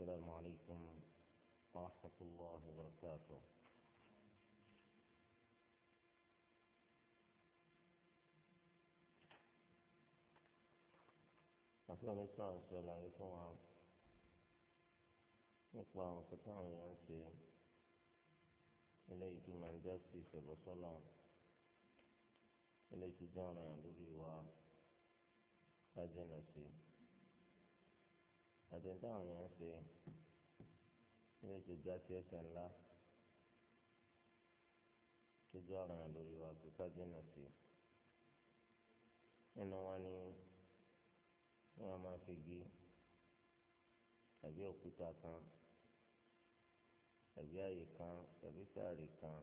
السلام عليكم ورحمة الله وبركاته السلام عليكم ورحمة الله وبركاته في الرسول إليكم جانا àti táwọn èèyàn ṣe ní ètò ìjà sí ẹ̀ṣẹ̀ ńlá tójú ọ̀ràn lórí wa kó sáájú náà sí nínú wọn ni wọn máa fi gé tàbí òkúta kan tàbí àyè kan tàbí sáré kan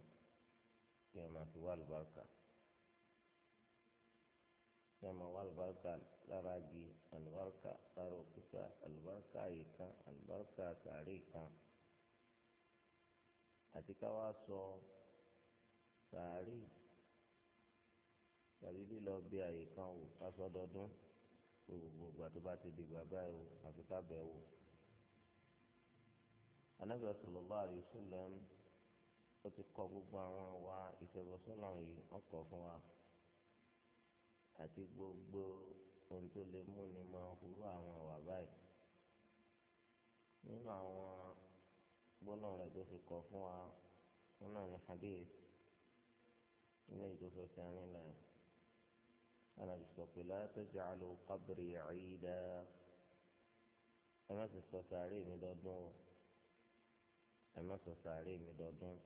kí ẹ máa fi wá àlùbáríkà kí ẹ máa wá àlùbáríkà lára igi àlùbáríkà lára òkú àlùbáríkà àlùbáríkà yìí kan àlùbáríkà sàárè kan àti káwá sọ sàárè tàbí lílọ bí àyè kan wò kásọdọọdún gbogbo ìgbà tó bá ti di bàbá ẹ wò àfi kábẹ wò. anábìá sallallahu alaihi wasallam ó ti kọ gbogbo àwọn wa ìfẹ̀bọ̀sọ́nà yìí wọ́n fún wa àti gbogbo ohun tó lè mú ni máa hurú àwọn àwà báyìí nínú àwọn gbọ́nà rẹ̀ tó fi kọ́ fún wa wọn náà ní hadith ilé ìjọsọ ti àárín lẹ̀ alábi sọ pé la taj'alu qabri 'ida ẹ má sàárè mi dọdún o ẹ má sàárè mi dọdún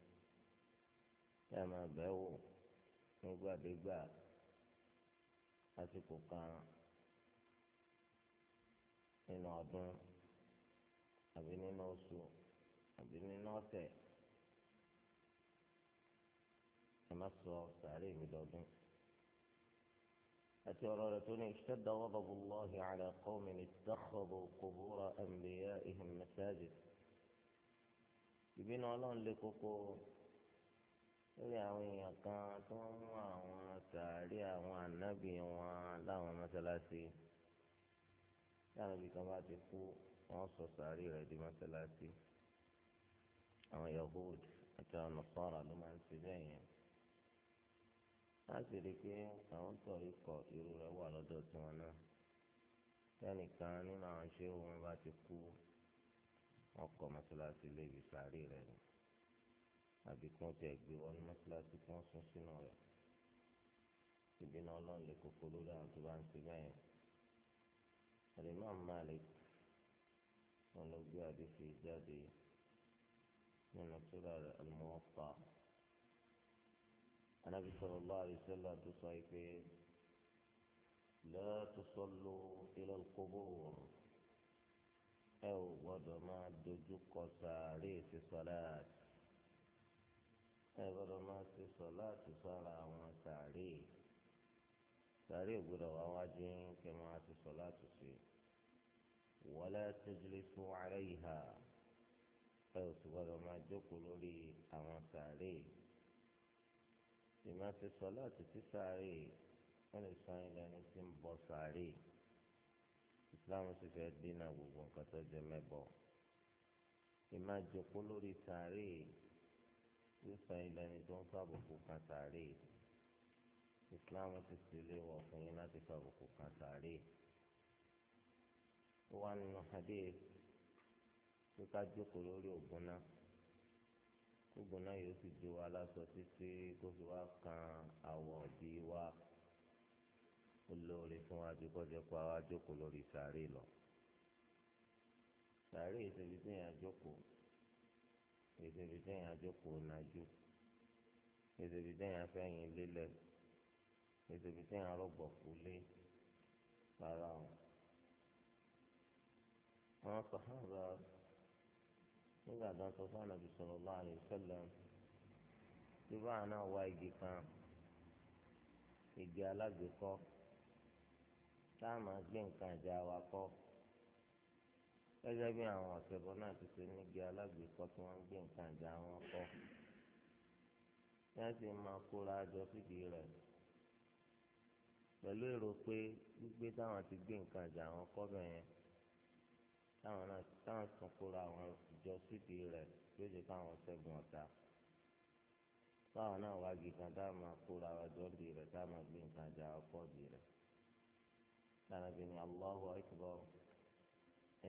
ẹ máa nígbàdégbà àsìkò kan nínú ọdún àbí nínú oṣù àbí nínú ọ̀sẹ̀ ẹ má sọ sàárè mi dọ̀dún. أتي رأتني اشتد غضب الله على قوم اتخذوا قبور أنبيائهم مساجد ìbínú ọlọ́run lè koko lórí àwọn èèyàn kan tó ń mú àwọn sàárè àwọn ànábì wọn láwọn mọ́sálásí. táwọn ibi kan bá ti kú wọ́n sọ sàárì rẹ̀ di mọ́sálásí àwọn yahood àti àwọn nasara ló máa ń ṣe bẹ́ẹ̀ yẹn láti rí i pé àwọn tọ̀rí kọ irú rẹ̀ wà lọ́dọ̀ tiwọn náà tẹnìkan nínú àwọn ṣéwù wọn bá ti kú wọ́n kọ́ mọ́sálásí lébi sàárì rẹ̀ ni àbí kí wọ́n tẹ̀ gbé wọn ní mọ́sálásí kí wọ́n sún sínú rẹ̀ ìbínú ọlọ́run lè kókó lórí àwọn tó bá ń ṣe bẹ́ẹ̀ yẹn. Imam Malik wọn lọ gbé àdéfì jáde nínú tóra rẹ̀ Al-Muwatta Ànábì sallallahu alaihi wasallam tó sọ pé la tusallu ila al-qubur ẹ ò gbọ́dọ̀ máa dojú kọ sàárè sí sọláàtì ẹ gbọ́dọ̀ máa ṣe sọláàtì sára àwọn sàárè sàárè gbọ́dọ̀ wá wájú kẹ máa ṣe sọláàtì sí i. ولا تجلسوا عليها فيصبر ما جقل لي أما ساري لما في الصلاة تساري ولسان إلى نسيم بصاري إسلام سفي الدين أبو بنكة جمبو ìmá jòkó lórí sàárè yóò sọ ilẹ̀ ẹni tó ń fàbùkù kan sàárè Islam ti sì léwọ̀ fún yín láti fàbùkù kan sàárè ó wá nínú hadith pé ká jókòó lórí ògùn náà ògùn náà yóò sì jó wa lásọ títí kó fi wá kan àwọ̀ bí wa olóore fún wa ju kọjá pa wá jókòó lórí sàárè lọ sàárè ìṣèlú tí èèyàn jókòó ìṣèlú tí èèyàn jókòó nàjú ìṣèlú tí èèyàn fẹ́yìn lélẹ̀ ìṣèlú tí èèyàn rọ̀gbọ̀kú lé rárá o àwọn sàhábà nígbà tó ń sọ fún ànàbì sallallahu alaihi wasallam tí báà náà wá igi kan igi alágbèékọ́ tá a máa gbé nǹkan ìjà wa kọ́ gẹ́gẹ́ bí àwọn ọ̀sẹ̀bọ náà ti ṣe nígi alágbèékọ́ tí wọ́n ń gbé nǹkan ìjà wọn kọ́ yẹn sì máa kóra jọ sídìí rẹ̀ pẹ̀lú èrò pé gbígbé táwọn ti gbé nǹkan ìjà wọn kọ́ bẹ̀yẹn táwọn náà táwọn tún kóra àwọn ìjọ síbi rẹ̀ yóò jẹ́ káwọn ṣẹ́gun ọ̀tá báwọn náà wá gi kan tá a máa kóra wa dọ́ọ̀dì rẹ̀ tá a máa gbé nǹkan jà ọkọ̀ dì rẹ̀ lánàá bí ní Allahu akbar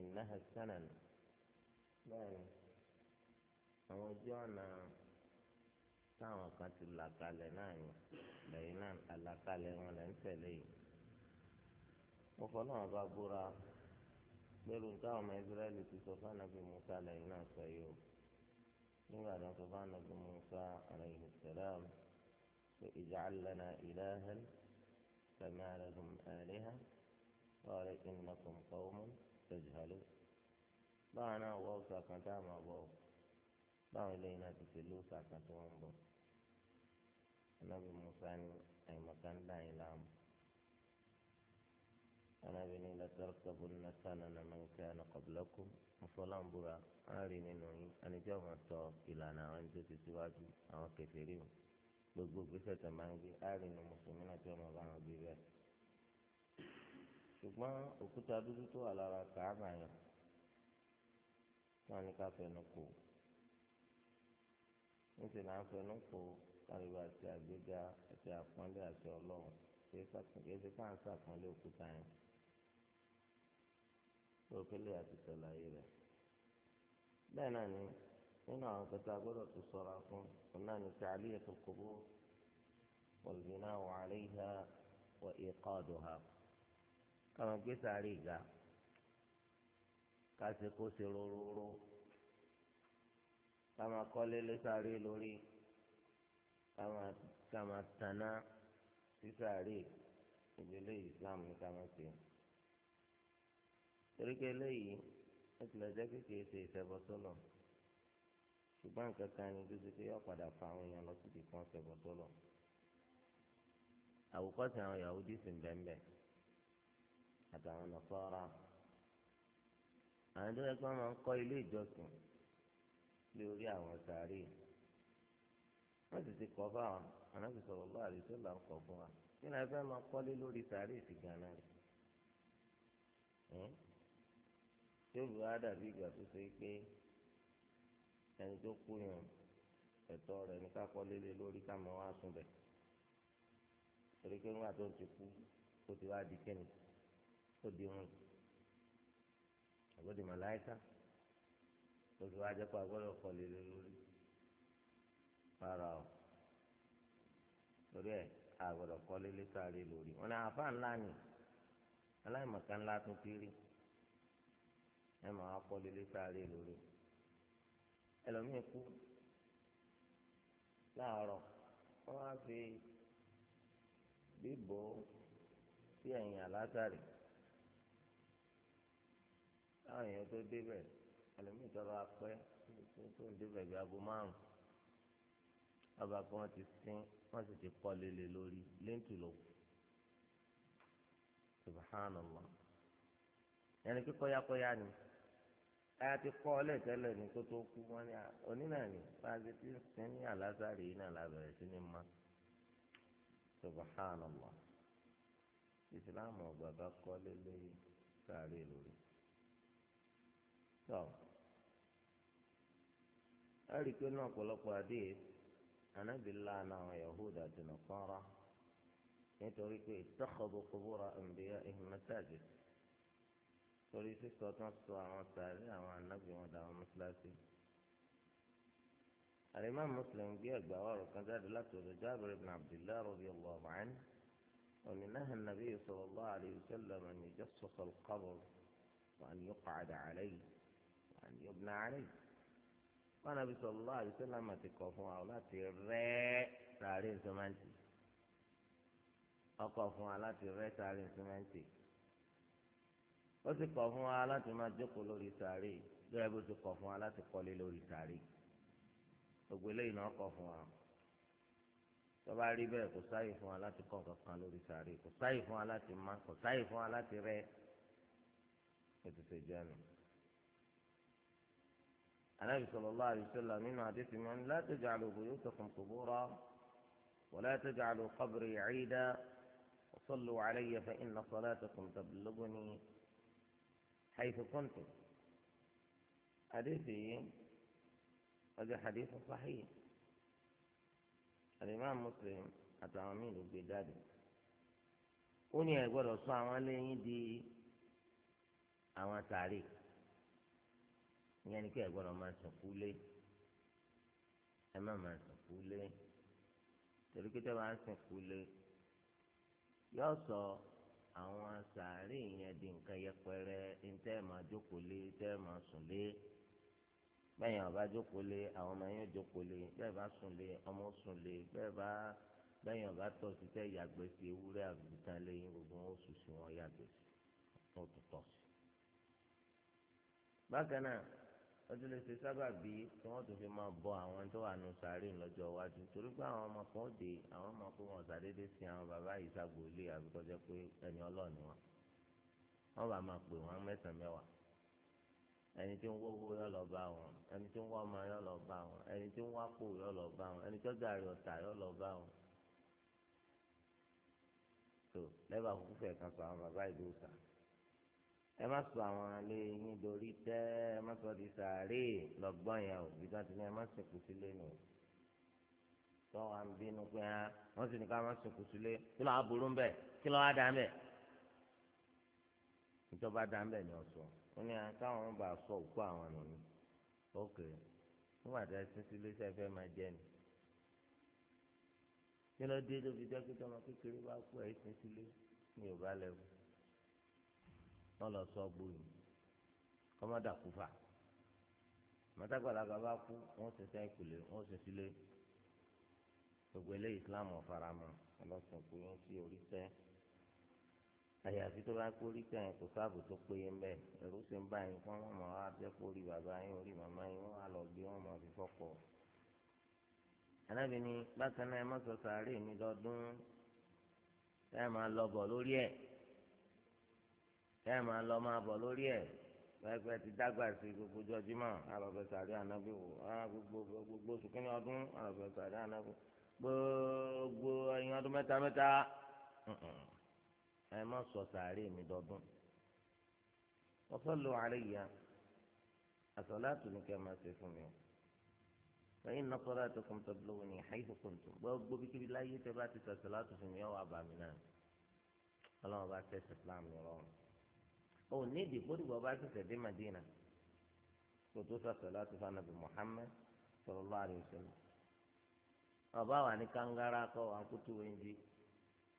innaha sanan bẹ́ẹ̀ àwọn ojú ọ̀nà táwọn kan ti là kalẹ̀ náà yẹn lẹ́yìn náà àlàkalẹ̀ wọn lẹ́ ń tẹ̀lé yìí mo fọ́ náà bá búra. lẹ́rù táwọn ọmọ israẹli ti sọ fún anabi musa lẹ́yìn náà sọ yìí o nígbà tó sọ fún anabi musa alayhi salam pé ij'al lana ilahan kama lahum aliha qala innakum qawmun tajhalun báwọn náà wọ ọsà kan tá a máa bọ báwọn lẹ́yìn náà ti ṣe lóòsà kan tó ń bọ anabi musa ni àyìnbá kan dá yín láàmú. anabi ni latarkabunna sanana man kana qablakum mọ̀fọ́láǹbùrà àárín nínú yín anijọ́ máa tọ ìlànà àwọn tó ti síwájú àwọn kẹfẹ́rí mu gbogbo gbèsè tó máa ń gbé àárín nínú mùsùlùmí náà tí wọ́n máa bá wọn gbé bẹ́ẹ̀. ṣùgbọ́n òkúta dúdú tó wà lára kàámà yẹn wọn ní ká fẹnu kò níṣẹ́ òkèlè àti sàlàyé rẹ̀ bẹ́ẹ̀ náà ni nínú àwọn kẹta gbọ́dọ̀ tó sọ̀rọ̀ fún un náà ni tààlí ètò kòkó wọlbìnà wàhálà ìhà wọ ìkọ́ ọ̀dọ̀ ha káwọn gbé sáré ìga kásì kó ṣe rororo káwọn kọ́lé lé sáré lórí káwọn taná sí sáré ìdílé ìsìlámù ní káwọn ṣe torí pé eléyìí ó tilẹ̀ jẹ́ kékeré ṣe ìṣẹ̀bọ sọ́lọ̀ ṣùgbọ́n nǹkan kan ni tó ṣe pé yóò padà fa àwọn èèyàn lọ síbi kan ṣẹ̀bọ sọ́lọ̀ àwòkọ́sí àwọn Yahudi sì ń bẹ́ńbẹ́ àtàwọn Nasara àwọn tó yẹ kí máa ń kọ́ ilé ìjọsìn lórí àwọn sàárè wọ́n sì ti kọ́ fáwọn anábì sọ̀rọ̀ bá àdìsọ́ là ń kọ́ fún wa kí ni a máa kọ́lé lórí sàárè sí ganan rẹ̀ yóò bí wàá dàbí ìgbà tó ṣe pé ẹni tó kú yàn ẹ̀tọ́ rẹ̀ ní ká kọ́ lélẹ̀ lórí ká máa wá sùn bẹ̀ torí pé nígbà tó ti kú ó ti wá di kẹ́ni ó di wọn àgbọ̀dì màláìka ó ti wá jẹ́ pé agbọ́dọ̀ kọ́ lélẹ̀ lórí rárá o torí ẹ̀ àgbọ̀dọ̀ kọ́ lélẹ̀ sáré lórí wọn ni àfa ńlá ni aláìmọ̀ká ńlá tún ti rí ẹ máa kọ́lé lẹ́sàárẹ̀ lórí ẹlòmíín kú láàárọ̀ wọ́n á fi bíbò sí ẹ̀yìn àlásàrè láwọn èèyàn tó débẹ̀ ẹlòmíín tọrọ apẹ́ tó ń débẹ̀ bí aago márùn-ún ọba kí wọ́n ti sin wọ́n sì ti kọ́lé lé lórí léńtù lòkù subhanallah yẹn ni kíkọ́ yakọ́ya ni. Yani ẹ ti kọ́ ọ lẹ́tẹ̀lẹ̀ ní kó tó kú wọn ní onínàní ní yìí náà sí ma subhanallah ìsìláàmù bàbá kọ́ lélẹ̀ sáré lórí. tọ́ ẹ náà adé yahuda nítorí pé torí sísọ tán sọ àwọn sàárẹ àwọn anábì wọn dàwọn mọ́sálásí. àrímá Muslim gbé ẹgbà ọ̀rọ̀ kan jáde láti ọ̀dọ̀ Jábìrì ibn Abdullah radiyallahu anhu òní náà nàbí sallallahu alayhi wa sallam an yujassasa al-qabr wa an yuq'ada alayhi wa an yubna alayhi. wọn nàbí sallallahu alayhi wa sallam àti kọ̀ fún wa láti rẹ́ sàárẹ̀ nsọ́mẹ́ntì fún wa láti rẹ́ sàárẹ̀ nsọ́mẹ́ntì ó sì kọ̀ fún wa láti máa jókòó lórí sàárè gẹ́gẹ́ bó ti kọ̀ fún wa láti kọ́lé lórí sàárè gbogbo eléyìí náà kọ̀ fún wa tó bá rí bẹ́ẹ̀ kò sáyè fún wa láti kọ́ nǹkan lórí sàárè kò sáyè fún wa láti má kò sáyè fún wa láti rẹ́ ètò ìjẹun. النبي صلى الله عليه وسلم من حديث من لا تجعلوا بيوتكم قبورا ولا تجعلوا قبري عيدا وصلوا علي فإن صلاتكم تبلغني حيث كنتم حديثي هذا حديث صحيح الإمام مسلم أتعامل بداده وني أقول صلى الله دي àwọn sàárè ìyẹn ni pé ẹ gbọ́dọ̀ máa sọkú lé ẹ má máa sọkú lé torí pé tẹ́ bá ń sọkú lé yóò sọ. So àwọn sàárè yẹn di nǹkan yẹpẹrẹ ntẹ́ máa jókòó lé ntẹ́ máa sùn lé bẹ́ẹ̀ ọba jókòó lé àwọn ọmọ yẹn jókòó lé bẹ́ẹ̀ bá sùn lé ọmọ sùn lé bẹ́ẹ̀ bá bẹ́ẹ̀ ọba tọ̀ sí tẹ́ yàgbẹ́ sí ewúrẹ́ àgùntàn lẹ́yìn gbogbo wọn sùn sí wọn yàgbẹ́ sí wọn tó tọ̀ sí. bákan náà wọ́n tún lè ṣe sábàbí tí wọ́n tún fi máa bọ àwọn tó wà nù sàárè lọ́jọ́ iwájú torí pé àwọn ọmọ kan dé àwọn ọmọ kó wọn sàdédé sí àwọn bàbá yìí ságbólé àbíkọ́jẹ́ pé ẹni ọlọ́ọ̀ni wọn wọ́n bá máa pè wọ́n mẹ́sàn-án mẹ́wàá ẹni tí ń wá owó yọ lọ bá wọn ẹni tí ń wá ọmọ yọ lọ bá wọn ẹni tí ń wá pò yọ lọ bá wọn ẹni tó gàrí ọ̀tà yọ lọ bá wọn. tó lẹ́bàá kúkú fẹ̀ kan sọ àwọn bàbá ìlú sàá ẹ má sọ àwọn alẹ́ yín dorí tẹ́ ẹ má sọ di sàárè lọ́gbọ́n yẹn ò bí wọ́n ti ní ẹ má sìnkú sílé nù tọ́ wa ń bínú pé hàn ah, wọ́n sì ní ká má sìnkú sílé kí ló wá burú ń bẹ̀ kí ló wá dá ń bẹ̀ ìjọba dá ń bẹ̀ ni ọ̀sọ́ wọn ni káwọn bá sọ òkú àwọn nù ní ókè nígbà tí a sin sílé sẹ́ jẹ ni kí ló dé tó jẹ́ pé tọmọ kékeré bá kú ẹ̀ sin sílé ní Yorùbá lẹ́wọ̀n wọn lọ sọ gbòòrò kọmọdà kúfà mọtàgbàlagbà bá kú wọn sì sẹ kùlé wọn sì sílé gbogbo ilé islam ọ̀farama ọlọ́sìn pé wọ́n sí orí sẹ́ àyàfi tó bá kó orí sẹ́yìn kò sáàbù tó péye ń bẹ̀ ẹ̀rú sì ń bá yín fún wọn mọ̀ á jẹ́ kó orí bàbá yín orí màmá yín wọn á lọ gbé wọn mọ̀ fífọ́ pọ̀. alábìíní bákan náà ẹ má sọ sàárè mi lọ́dún táyà máa lọ bọ̀ lórí ẹ̀ kẹ́ ẹ̀ máa lọ máa bọ̀ lórí ẹ̀ pẹ́pẹ́ ti dágbà sí gbogbo jọjúmọ́ àlọ́fẹ́ sàrí ànábì wò gbogbo gbogbo oṣù kínní ọdún àlọ́fẹ́ sàrí ànábì gbogbo ẹ̀yìn ọdún mẹ́ta mẹ́ta ẹ má sọ sàárè mi dọdún ọsọlù àríyá àsọláàtù ni kẹ máa ṣe fún mi lẹ́yìn náà sọlá tó kún tó lówó ní àìsàn kún tó gbogbo kíkiri láyé tẹ bá ti sọ àsọláàtù fún mi ọwọ àbàmì náà Ọlọ́run bá tẹsán Islam ní ò ní ìdìbò dìbò bá ṣẹ̀ṣẹ̀ dé Madina tó tó sàṣọ láti fa nàbì Muhammad sallallahu alaihi wasallam ọba wà ní kangara kọ wà kútu wẹnjí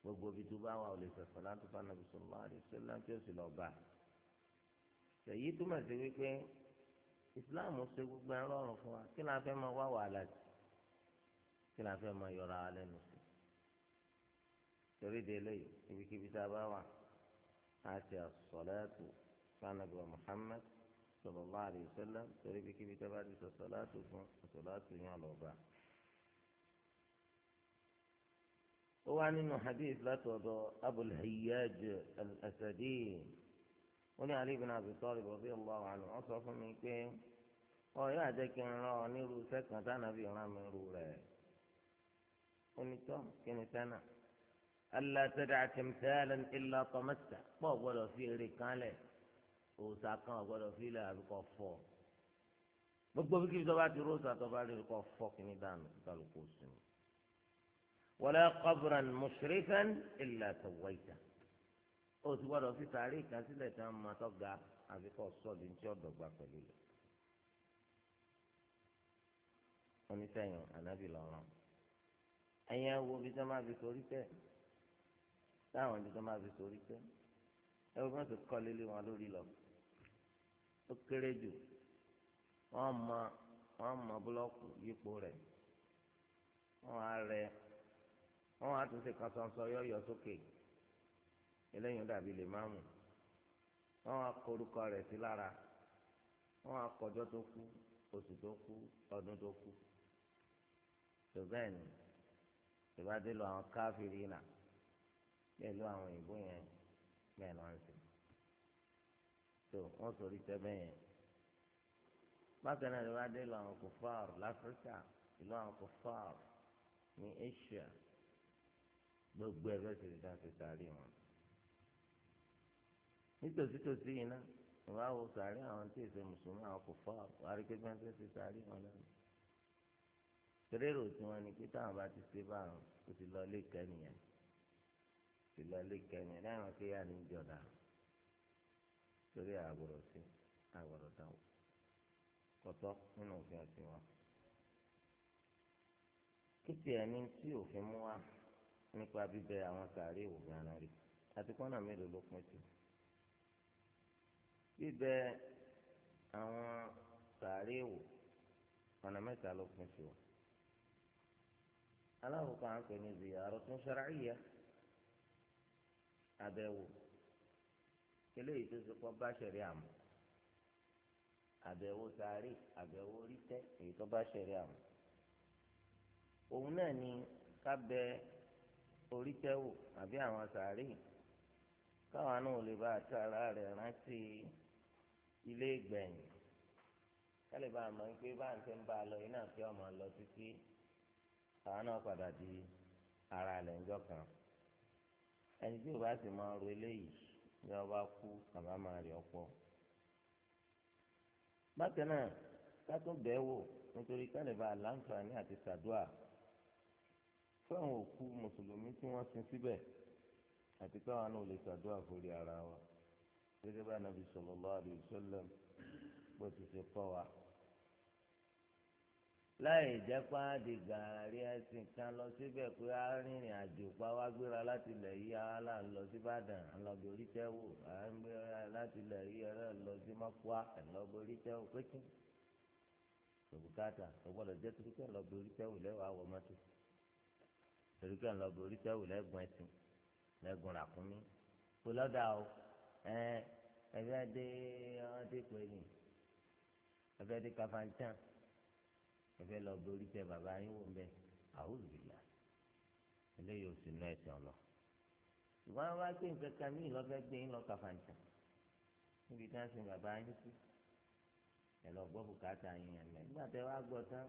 gbogbo ibi tó bá wà ò lè sàṣọ láti fa nàbì sallallahu alaihi wasallam tí ó sì lọ bá èyí túmọ̀ sí wípé Islam ṣe gbogbo ẹ rọrùn fún wa kí la fẹ́ máa wá wàhálà sí kí la fẹ́ máa yọra wa lẹ́nu sí torí de ibikíbi tá a bá wà. آتي الصلاة كان أبو صلى الله عليه وسلم تريد كيف تبارك الصلاة صلاة يا لوبا هو عن إنه حديث لا توضع أبو الهياج الأسدي هنا علي بن أبي طالب رضي الله عنه أصف من كيم ويا ذاك الراني روسك نتانا في رامي روري ونتو كنتانا ألا تدع تمثالا إلا طمسته ما ولا في ركالة وساكن ولا في لا بكفور gbogbo bí kíbi tọ́ba ti róòsì àtọ́ba rí kọ́ fọ́ọ̀kì ní dànù kálukú sinmi. wala qabran mushrifan illa sawaita. ó ti gbọ́dọ̀ fi sàárè kan sílẹ̀ tí wọ́n máa tọ́ga àfi kọ́ sọ́ọ̀dì ní tí ó dọ̀gba pẹ̀lú rẹ̀. onítẹ̀yìn ànábì lọ́rùn. ẹ̀yin wo bí sọ́mà fi torí tẹ̀ táwọn ìdíjọ́ máa fi sórí pé ẹ wọ́n máa fi kọ́ lélẹ̀ wọn lórí lọ ó kéré jù wọ́n mọ wọ́n mọ búlọ́ọ̀kù yípo rẹ̀ wọ́n á rẹ wọ́n á tún ṣe kan sọ̀nsọ̀ yọ̀yọ̀ sókè eléyìí dàbí lè máàmù wọ́n á korúkọ rẹ̀ sí lára wọ́n á kọjọ́ tó kú oṣù tó kú ọdún tó kú tó bẹ́ẹ̀ ni ìbádé lọ àwọn káfíìrì náà pẹ̀lú àwọn òyìnbó yẹn bẹ́ẹ̀ lọ́n sí tó wọ́n sọ̀rọ̀ ìtẹ́ bẹ́ẹ̀ yẹn bákan náà ló wá dé ìlú àwọn kòfàr láfíríkà ìlú àwọn kòfàr ní Asia gbogbo ẹ̀ bẹ́ẹ̀ sì ti dáhùn sí sàárì wọn nítòsítòsí yìí náà ìwà wo sàárì àwọn tí èsè mùsùlùmí àwọn kòfàr àríkẹ́gbẹ́ tó ti sàárì wọn lẹ́nu tẹ́lẹ̀ rò tí wọ́n ní pé táwọn bá ti ṣe báwọn ó ti lọ ilé ìkẹ́ sì lọ lé kẹrin láwọn akéyà ní ìjọba torí àgbọ̀rọ̀ sí àgbọ̀rọ̀ dáwọ̀ kọ̀tọ́ nínú òfin àti wọn. kíkì ẹni tí òfin mú wá nípa bíbẹ àwọn sàárè òògùn ara rẹ̀ àti kọ́nà mélòó ló pín sí. bíbẹ àwọn sàárè wò ọ̀nà mẹ́ta ló pín sí aláwòkọ́ à ń pè ní ziyarah tun abẹ́wò kele yìí tó ṣe kọ́ bá ṣẹ̀rí àmọ́ àbẹ̀wò sáré àbẹ̀wò rítẹ́ èyí tó bá ṣẹ̀rí àmọ́ òun náà ni ká bẹ orítẹ́ wò àbí àwọn sáré káwọn náà lè bá àti ara rẹ̀ rántí ilé ìgbẹ̀yìn kálí bá a mọ̀ pé bá ń tẹ́ ń bá a lọ iná tí ọmọ lọ títí àwọn náà padà di ara rẹ̀ ńjọ́ kan ẹni tí o bá sì máa ro eléyìí bí wọn bá kú bàbá máa rí ọ̀pọ̀ bákan náà ká tún bẹ́ẹ̀ wò nítorí kálíbà láǹfààní àti sàdúà fún àwọn òkú mùsùlùmí tí wọ́n sin síbẹ̀ àti káwọn náà lè sàdúà forí ara wa gẹ́gẹ́ bá nàbì sallallahu alaihi wasallam bó ti ṣe kọ́ wa láì jẹ́ pé á di gàárì ẹ̀sìn kan lọ síbẹ̀ pé á rìnrìn àjò pa wá gbéra láti ilẹ̀ yìí á là ń lọ sí Ìbàdàn à ń lọ bí orí tẹ́ wò à ń gbéra láti ilẹ̀ yìí á lọ sí Mọ́kúá à ń lọ bí orí tẹ́ wò pékin òbúkátà ó jẹ́ torí pé à ń lẹ́wọ̀ àwọ̀ mọ́tò torí pé à ń lẹ́gùn ẹ̀sìn lẹ́gùn ràkúnmí kó o ẹ ẹ fẹ́ dé ọtí pé ni ẹ fẹ́ dé ẹfẹ lọ borí tẹ bàbá yín wò mbẹ àwòrán eléyìí ò sì ná ẹsẹ̀ ọlọ ṣùgbọ́n wá pé nǹkan kan míì lọ́fẹ́ gbé yín lọ kàfàǹtà níbi tí wọ́n sin bàbá yín sí ẹ lọ gbọ́ bùkátà yín yẹn mẹ́ nígbà tẹ wá gbọ́ tán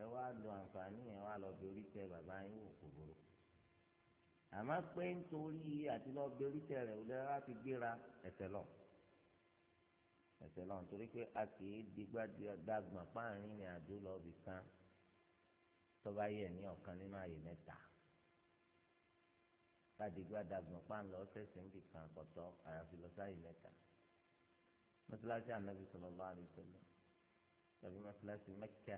ẹ wá lo àǹfààní ẹ wá lọ borí tẹ bàbá yín wò kòkòrò àmọ́ pé nítorí àti lọ borí tẹ rẹ̀ ò lẹ́wọ́ á fi gbéra ẹ̀tẹ̀ lọ ẹsẹ̀ lọ́run torí pé a kì í digbá dagbọ̀n páàrin ní àjò lọ bì kan tó bá yẹ ní ọ̀kan nínú àyè mẹ́ta ká digbá dagbọ̀n páàrin lọ sẹ̀sẹ̀ ń bì kan kọ̀tọ́ àyàfi lọ sáyè mẹ́ta mọ́tíláṣí ànábì sallallahu alaihi wasallam tàbí mọ́tíláṣí Mẹ́kà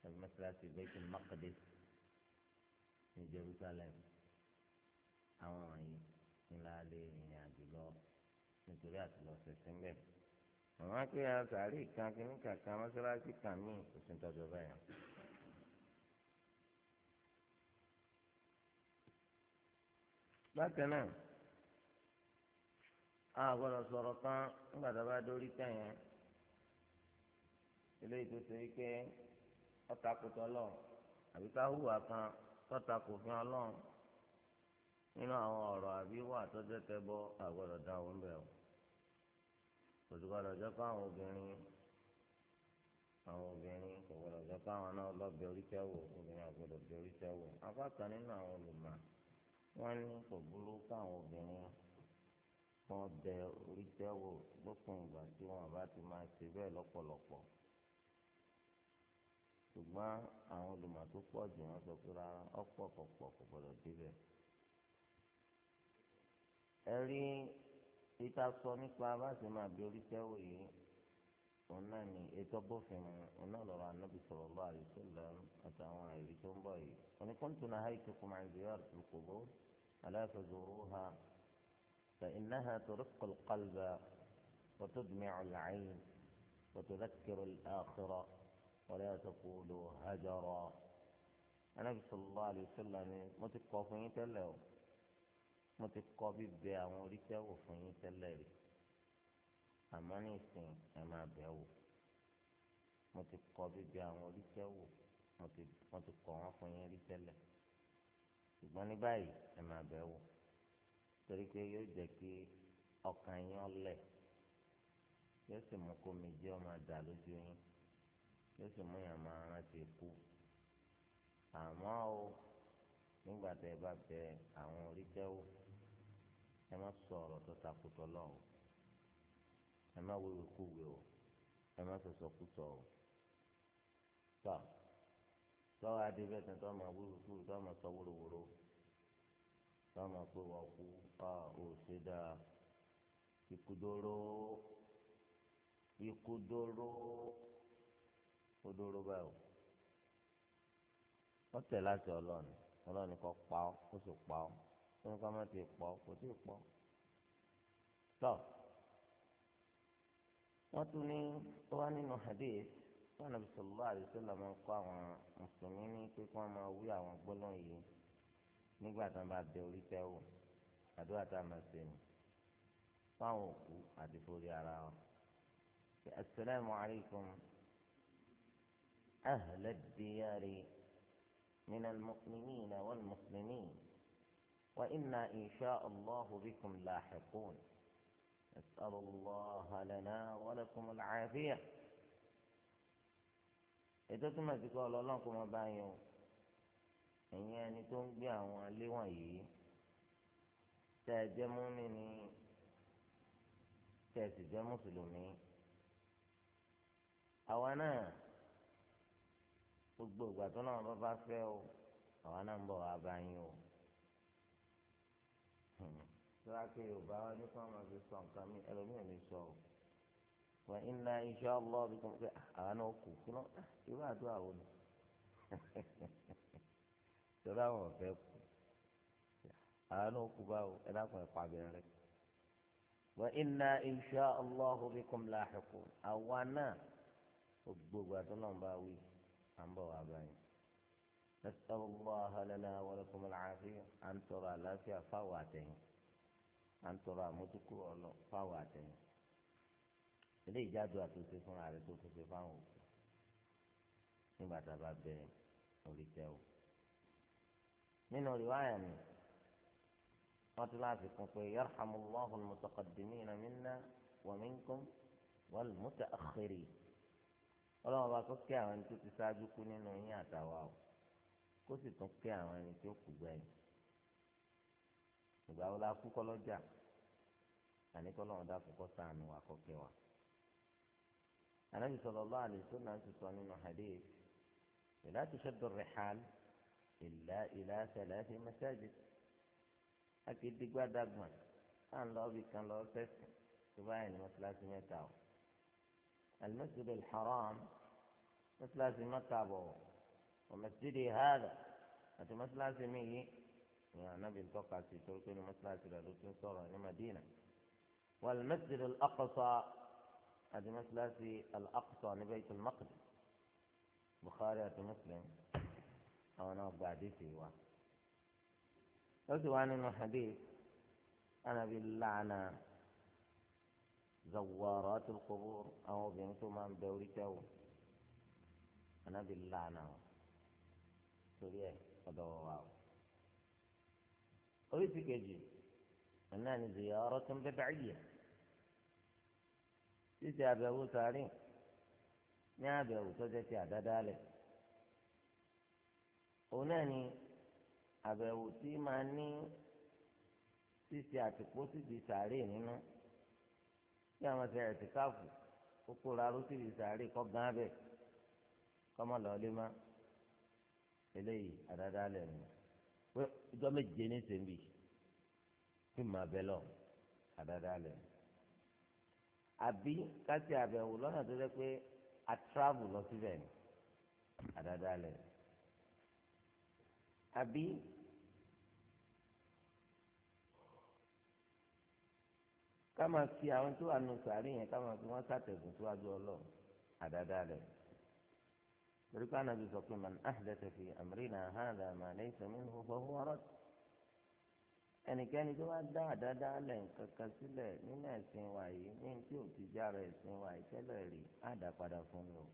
tàbí mọ́tíláṣí Baitul Maqdis ní Jerusalem àwọn wọ̀nyí ńlá lè rìnrìn àjò lọ nítorí àtìlọ́sẹ̀ síbẹ̀ àwọn akéèyàn sàárì kan kínní kàkan mọ́sálásí kan míì kò sí tọ́jú báyà. bákan náà a gbọ́dọ̀ sọ̀rọ̀ kan nígbà tó bá dórí tẹ̀yẹn eléyìí tó ṣe wípé ọ̀takùtọ̀ lọ àbí ká hùwà kan tọ́takù fún ọlọ́run nínú àwọn ọ̀rọ̀ àbí wà tó jẹ́ bọ́ a dá òun bẹ̀ kò sì gbọdọ̀ jẹ́ pé àwọn obìnrin àwọn obìnrin kò gbọdọ̀ jẹ́ pé àwọn náà lọ́bẹ̀ oríkẹ́ wò obìnrin àgbọ̀dọ̀ bẹ oríkẹ́ wò apá kan nínú àwọn olùmọ̀ wọ́n ní kò burú káwọn obìnrin kan bẹ oríkẹ́ wò lópin ìgbà tí wọn bá ti máa ṣe bẹ́ẹ̀ lọ́pọ̀lọpọ̀ ṣùgbọ́n àwọn olùmọ̀ tó pọ̀ jù wọ́n sọ pé rárá ọ̀pọ̀ kọ̀pọ̀ kò gbọdọ̀ débẹ̀ ẹ rí tí sọ nípa bá ṣe máa bí orí tẹ́wò yìí òun náà ni ètò bófin òun náà lọ́rọ̀ anábì sallallahu alaihi wasallam àtàwọn àìrí tó ń bọ̀ yìí òní kuntu nahaytukum tó ziyaratil qubur ala fazuruha fa tó turaqqa al-qalba wa tudmi'u al-'ayn wa tudhakkiru al-akhirah wa la taqulu hajara anábì sallallahu alaihi wasallam ni mo ti kọ̀ fún yín tẹ́lẹ̀ o. mo ti kọ bíbẹ àwọn oríṣẹ́ wò fún yín tẹ́lẹ̀ rí àmọ́ ní ìsìn ẹ máa bẹ̀ wò mo ti kọ bíbẹ àwọn oríṣẹ́ wò mo ti kọ wọn fún yín rí tẹ́lẹ̀ ṣùgbọ́n ní báyìí ẹ máa bẹ̀ wò torí pé yóò jẹ́ kí ọkàn yín ọlẹ̀ yóò sì mú kó mi jẹ́ ọmọ àdá lójú yín yóò sì mú yàn máa rántí kú àmọ́ o nígbà tẹ́ ẹ bá bẹ àwọn oríṣẹ́ wò ẹ má sọ ọ̀rọ̀ tó takùtọ̀ lọ́wọ́ ẹ má wéwèé kúwèé o ẹ má sọ̀sọ̀ kútọ̀ o tọ́ tọ́wọ́ adé bẹ́ẹ̀ tán tọ́wọ́ máa wéwèé kúwèé tọ́wọ́ máa sọ wóróworó tọ́wọ́ máa pé wọ́n kú ọ́ ò ṣe dáa ikudoro ikudoro odoro báyìí wọ́n tẹ̀ láti ọlọ́ọ̀ni ọlọ́ọ̀ni kọ́ pa ọ́ kó sì pa ọ́ fún kọ́ má ti pọ̀ kò tí ì pọ̀ tọ́ wọ́n tún ní ó wá nínú hadith wọn nàbí sallallahu alaihi wasallam máa ń kọ́ àwọn mùsùlùmí ní pé kí wọ́n máa wí àwọn gbólóhùn yìí nígbà tí wọ́n bá bẹ orí tẹ́ àdúrà tá a máa ṣe nù fáwọn òkú àti forí ara wọn. السلام عليكم أهل الديار من المؤمنين والمسلمين وإنا إن شاء الله بكم لاحقون نسأل الله لنا ولكم العافية ètò tó máa ti kọ́ ọlọ́run kó máa bá yín o ẹ̀yin ẹni tó ń gbé àwọn alé wọ̀nyí tẹ́ ẹ jẹ́ mùmínì tẹ́ ẹ sì jẹ́ mùsùlùmí àwa náà gbogbo ìgbà tó náà bá bá fẹ́ o àwa náà ń bọ̀ wá bá yín o sọ́ra pé yorùbá wa ní kọ́ máa fi sọ nǹkan mi ẹlòmíràn ní sọ o wà iná iṣẹ́ ọlọ́ọ̀bì kan pé ah, àwọn náà kù kí lọ́n ah, irú àdúrà wo ni sọ́ra wọn fẹ́ kù àwọn náà kù báwo ẹ dákun ẹ̀ pa bẹ̀rẹ̀ rẹ̀ wà iná iṣẹ́ ọlọ́ọ̀bì kan láàkù àwa náà gbogbo àtúnlọ́mbà wí à ń bọ̀ wá báyìí. نسأل الله لنا ولكم العافية أن ترى لا فيها à ń tọrọ àmójúkúrò ọlọ fáwọn àtẹyìn ilé ìjádù àtúnṣe fúnra rẹ tó tún ṣe fáwọn òkú nígbà tá a bá bẹ orí tẹ o nínú rìwáyà mi wọn tún láti kún pé yarhamullahu almutaqaddimina minna wa minkum wal mutaakhirin bá kó kí àwọn ẹni tó ti ṣáájú kú nínú yín àtàwa o kó sì tún kí àwọn ẹni tó kù gbẹ̀yìn ìgbà wo la kú kọlọ́jà àní kọlọ́run dá fún kọ́sà àánú àkọ́kẹ́ wa. Ànábì sallallahu alaihi wasallam ti sọ nínú hadith la tushaddu rihal illa ila thalathi masajid akédégbá dàgbà à ń lọ bí kan lọ sẹ́sìn tó báyìí ní mọ́tíláṣí mẹ́ta o. المسجد الحرام mọ́tíláṣí mẹ́ta bọ̀ wọ́n masjidi hada àti mọ́tíláṣí mi يا النبي توقع في شرطه ومثلا ترى لو تنصر مدينة والمسجد الأقصى هذه مثلا في الأقصى لبيت المقدس بخاري مسلم أو أنا بعدي في واحد عن الحديث أنا باللعنة زوارات القبور أو بنتما بوريتو أنا باللعنة شو هذا هو واو oríṣi kejì náà ni ziyarọ tó ń bẹ báyìí títí àbẹ̀wò sàárìn ní àbẹ̀wò tó jẹ́ ti àdádálẹ̀ òun náà ni àbẹ̀wò tí máa ní ṣíṣe àtìpó síbi sàárìn nínú tí àwọn ti rẹ̀ ti káàfù kókó rárú síbi sàárìn kọ́ gán abẹ́ kọ́mọ lọ́ọ́lé má eléyìí àdádálẹ̀ nìyẹn pé ìjọ méje ní sèǹbì fún mi abẹ lọ àdáadáa lẹ àbí káṣí àbẹ̀wò lọ́nà tó jẹ́ pé a travel lọ síbẹ̀ ni àdáadáa lẹ àbí ká máa fi àwọn tó wà nù sàárì yẹn ká máa fi wọ́n sàtẹ̀gùn síwájú ọlọ́run àdáadáa lẹ torí pé ànábi sọ pé man ahdatha fi amrina hadha ma laysa minhu fahuwa radd ẹnikẹ́ni tó bá dá àdáda lẹ̀ kankan sílẹ̀ nínú ẹ̀sìn wa yìí ní tí ò ti jára ẹ̀sìn wa yìí tẹ́lẹ̀ rí àdá padà fún mi o.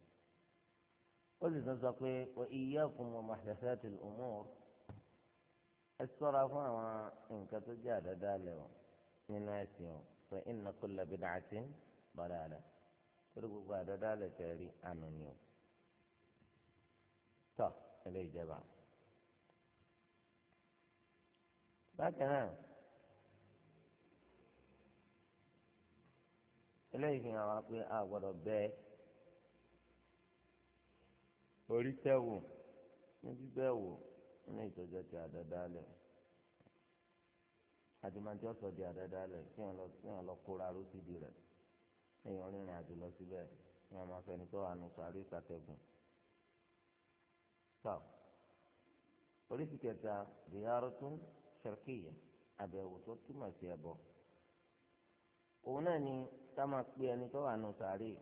ó sì tún sọ pé iyyakum wa muhdathatil umur ẹ sọ́ra fún àwọn nǹkan tó jẹ́ àdáda lẹ̀ o nínú ẹ̀sìn o fa inna kulla bid'atin dalalah torí gbogbo àdáda lẹ̀ tẹ̀ rí ànú ni o tọ́ ẹlẹ́ ìjẹba. bákan náà eléyìí fi hàn wá pé a gbọ́dọ̀ bẹ orí tẹ́wò ní bíbẹ́ wò ní ìtọ́jọ́ ti àdáda lẹ̀ àdìmájọ́ sọ di àdáda lẹ̀ kí wọ́n lọ kí wọ́n lọ kóra rúsídìí rẹ̀ èèyàn rìnrìn àjò lọ síbẹ̀ kí wọ́n máa fẹ́ni tó tọ́ oríṣi kẹta ziyaratun sharqiyya àbẹ̀wò tó túmọ̀ sí ẹbọ òun náà ni ká máa pe ẹni tó wà nù sàárè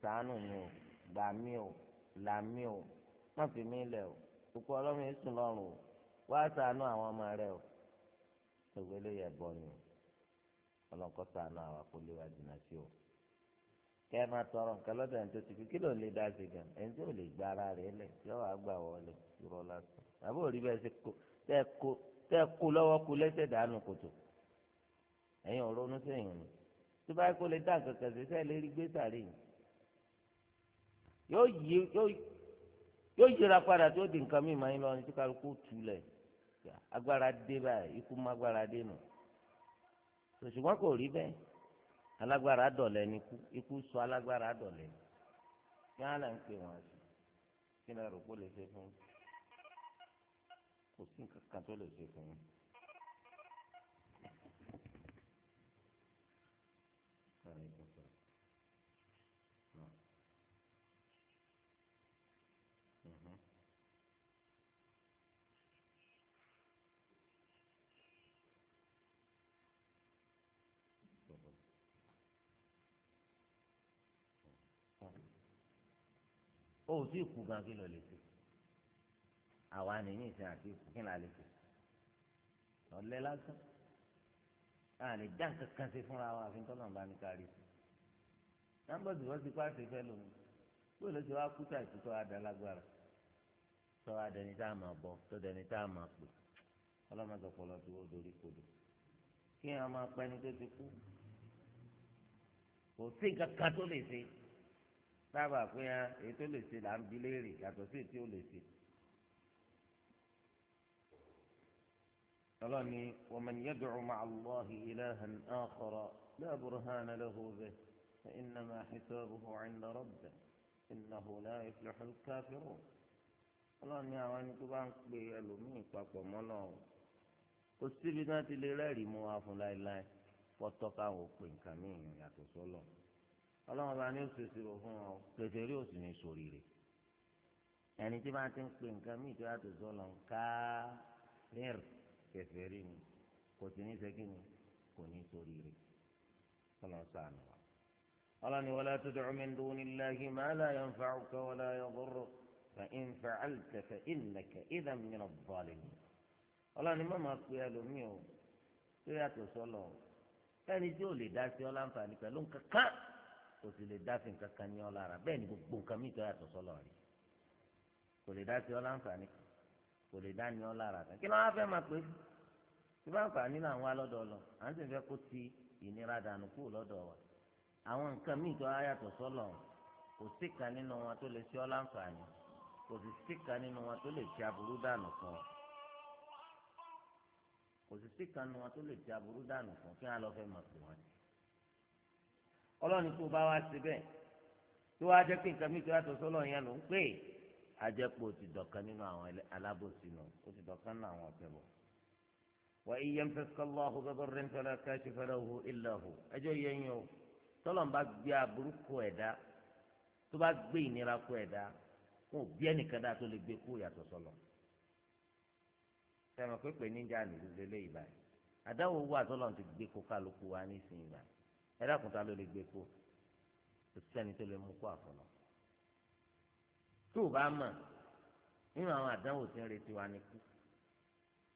sàánù mi ò gbà mí ò là mí ò má fi mí lẹ̀ ò òkú ọlọ́run yìí sùn lọ́rùn ò wá sàánù àwọn ọmọ rẹ ò gbogbo eléyìí ẹbọ ni kẹ́ ẹ máa tọrọ nǹkan lọ́dọ̀ ẹni tó ti fi kí ló lè dá sí gan ẹni tó lè gba ara rẹ̀ lẹ̀ yọ wàá gbà wọlé irọ́ lásán àbó rí bẹ́ẹ̀ tẹ́ ẹ kó lọ́wọ́ kó lẹ́sẹ̀ dànù kòtò ni bá kó lè dá nǹkan lérí gbé yìí yóò yí yóò yíra padà tó di nǹkan yín tí kálukú lẹ̀ agbára dé báyìí ikú má agbára dé nù ṣùgbọ́n kò rí bẹ́ẹ̀. alágbára dọ̀lẹ́ ni ikú ikú sọ alágbára dọ̀lẹ́ ni kí á là ń pè wọ́n sí kí náà rògbò lè ṣe fún kò sí nǹkan tó lè ṣe fún yín. o ò tí ì kú gan kí ló lè ṣe àwa ni ní ìsìn àti ìkú kí ló lè ṣe ọ̀lẹ lásán a lè dá nǹkan kan ṣe fúnra wa àfi tọ́lọ̀ ń bá ní kárí sí nàmbọ́sì wọ́n ti pàṣẹ fẹ́ lómi bí olè ti wá kúta ìtútọ́ adálágbára tọ́ adẹni tá a máa bọ́ tọ́ dẹni tá a máa pè ọlọ́mọdé ọpọlọ tí wọ́n dorí kodò kí wọ́n máa pẹ́ni tó ti kú kò sí nǹkan kan tó lè ṣe. dábàá pé ẹ èyí tó lè ṣe là ń bi léèrè yàtọ̀ sí èyí tí ó lè ṣe. ọlọ́ni waman yad'u ma'a Allahi ilahan akhara la burhana lahu bihi fa innama hisabuhu 'inda rabbih innahu la yuflihul kafirun. ọlọ́ni àwọn ẹni tó bá ń pe ẹlòmíì papọ̀ mọ́lọ́ kò síbi náà ti lè rẹ́rìí mú wa fún láéláé fọ́tọ́ káwọn ò pè nǹkan mí ìyàtọ̀ sọ́lọ́ọ̀. ọlọ́run bá ní òṣèṣì rò fún ọ kẹtẹrí òsì ní sòrìrè ẹni tí bá ti ń pè nǹkan míì tó yàtọ̀ sọ́lọ̀ ń ká rẹ́r kẹfẹ́rí ni kò sì ní sẹ́kì ni kò ní sòrìrè ọlọ́run sànù wa. ọlọ́run ni wala tad'u min dunillahi ma la yanfa'uka wala yadurruka fa in fa'alta fa innaka idhan min adh-dhalimin. ọlọ́run ni mọ́mọ́ pe ẹlòmíì o tó yàtọ̀ sọ́lọ̀ ẹni tí ò lè dá sí ọlá kò sì lè dá sí nǹkan kan ní ọ lára bẹ́ẹ̀ ni gbogbo nǹkan mi tó yàtọ̀ sọ́lọ̀ rí kò lè dá sí ọ láǹfààní kan kò lè dá ní ọ lára kan kí ló wá fẹ́ máa pé tí bá àǹfààní là ń wá lọ́dọ̀ lọ à ń sì fẹ́ kó ti ìnira dànù kúrò lọ́dọ̀ wa àwọn nǹkan mi tó yàtọ̀ sọ́lọ̀ kò sí kan nínú wọn tó lè sí ọ láǹfààní kò sì sí kan nínú wọn tó lè ṣe aburú dànù fún ọ kò sì sí kan nínú wọn tó lè ṣe ọlọ́run tó bá wá síbẹ̀ tó wá jẹ́ pé nǹkan mi tó yàtọ̀ sọ́lọ́ yẹn ló ń pè é ajẹ́pọ̀ ti dọ̀kan nínú àwọn alábòsí nù ó ti dọ̀kan nínú àwọn ọ̀tẹ̀ bọ̀. wà á yẹ mfẹsọlọ́hu bẹ́bọ̀ rẹ̀ nfẹlẹ́ káṣí fẹlẹ́ hu ilẹ̀ hu ẹjọ́ yẹn yẹn o tọ́lọ̀ ń bá gbé aburúkú ẹ̀dá tó bá gbé ìnira kú ẹ̀dá kó o bí ẹnìkan dáa tó lè gbé kú yàtọ̀ sọ́lọ́ sẹ́wọ̀n pépè níjà nìlú lélẹ́yìí báyìí àdáwò wà tọ́lọ̀ ti gbé kó kálukú wa nísìnyí báyìí ẹ dákun ta ló lè gbé po kò sẹ́ni tó lè mú kó àfọ̀nà tó o bá mọ̀ nínú àwọn àdánwò tí ń retí wa ní kú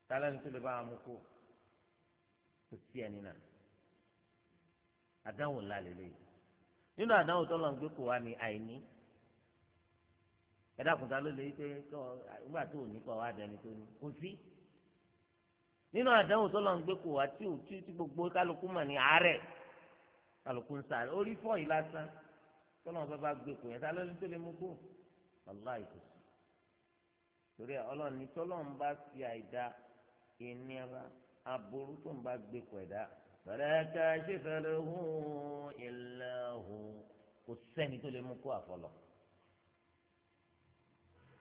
tálẹ́ni tó lè bá wa mú kó kò sí ẹni náà àdánwò ńlá lélẹ́yìí nínú àdánwò tó lọ́n gbé kó wa ní àìní ẹ dákun ta ló lè pé kọ́ nígbà tó o ní kọ́ wa dẹni tó ní kò sí nínú àdánwò tó lọ́n gbé kó wa tí o tí gbogbo kálukú mọ̀ ní àárẹ̀ kálukú ń sáré orí fọ́ yìí lásán tọ́lọ́mọ bá bá gbé kò yẹn tá ló ní tó lè mú kó wàláì kò sí torí ọlọ́ọ̀ni tọ́lọ́mọ bá fi àìda ìnira aburú tó ń bá gbé kò ẹ̀dá fẹ̀rẹ̀kà ṣẹfẹ̀rẹ̀ hùn ilẹ̀ hùn kò sẹ́ni tó lè mú kó àfọlọ́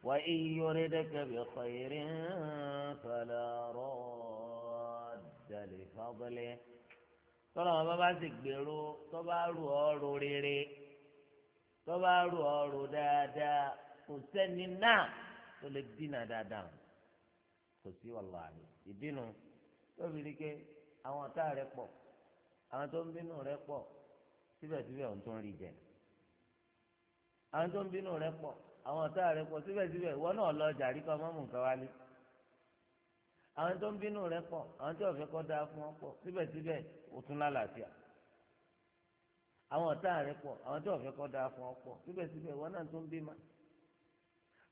wà iyọ̀rẹ́ dẹ́kẹ̀ bí khairin fala radda li fadlihi tọ́lá wọn bá bá sì gbèrò tó bá rù ọ́ ro rere tó bá rù ọ́ ro dáadáa kò sẹ́ni náà tó lè dínà dáadáa kò sí wàláhì ìdínú tó fi rí ké àwọn ọ̀tá rẹ pọ̀ àwọn tó ń bínú rẹ pọ̀ síbẹ̀síbẹ̀ òun tó ń rí jẹ àwọn tó ń bínú rẹ pọ̀ àwọn ọ̀tá rẹ pọ̀ síbẹ̀síbẹ̀ ìwọ náà lọ jàrí kọ́ mọ́mú nǹkan wálé àwọn tó ń bínú rẹ pọ̀ àwọn tí ọ̀fẹ́ kọ́ dáa fún ọ pọ̀ síbẹ̀síbẹ̀ ó tún lálàáfíà àwọn ọ̀tá rẹ pọ̀ àwọn tí ọ̀fẹ́ kọ́ dáa fún ọ pọ̀ síbẹ̀síbẹ̀ wọn náà tún bímọ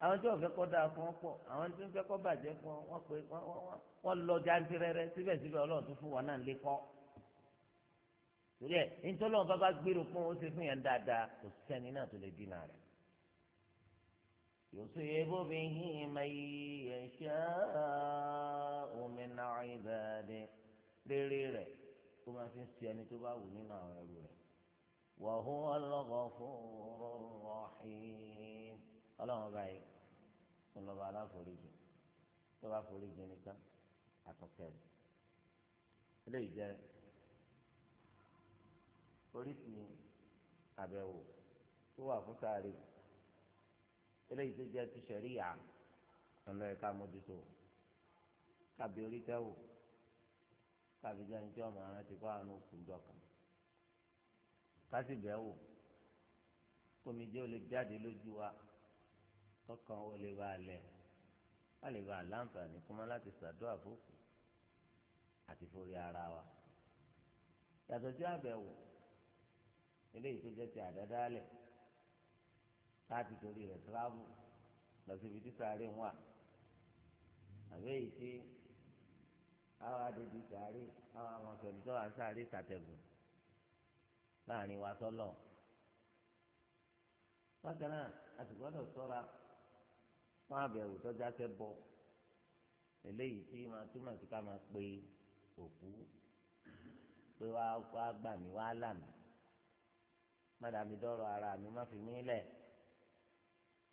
àwọn tí ọ̀fẹ́ kọ́ dáa fún ọ pọ̀ àwọn tí ń fẹ́ kọ́ bàjẹ́ fún ọ wọ́n pé wọ́n lọ jantirẹrẹ síbẹ̀síbẹ̀ ọlọ́run tún fún wọn náà lé kọ́ torí ẹ̀ nítorí wọn bá bá gbèrò fún ó ṣe fún yẹn dáadáa kò sẹ́ni náà tó lè dínà rẹ̀ يصيب به من يشاء من عباده لريره كما في السيان تباونين عباده وهو الغفور الرحيم اللهم بارك صلى الله على فريجه تبع فريجه نكا أتوكل ليه جاء فريجه هو أفكاري eléyìí tó jẹ́ ti ṣẹ̀ríyà ọ̀nà ẹ̀ka mójútó kàbí orí tẹ́wò kàbí jẹ́ níjọ́ ọmọ àwọn ti kọ́ àwọn òkú dọ̀kan kásìbẹ̀ wò kòmíjẹ́ ò lè jáde lójú wa kọ́kàn ò lè bá a lẹ̀ ká lè bá a láǹfààní kúmọ́ láti ṣàdúrà fòkù àti forí ara wa yàtọ̀ sí àbẹ̀wò eléyìí tó jẹ́ ti àdádálẹ̀ láti torí rẹ̀ tíráàbù lọ síbi tí sàárè ń wà àbẹ́ yìí tí àwọn adébí sàárè àwọn amọ̀sọ̀rọ̀ tó wà sàárè sàtẹ̀gùn láàrin wa sọ́lọ̀ bákan náà àti gbọ́dọ̀ sọ́ra fún àbẹ̀wò tọ́já fẹ́ bọ́ eléyìí tí máa túmọ̀ sí ká máa pe òkú pé wá gbà mí wá là mí má ara mi má fi mí lẹ̀.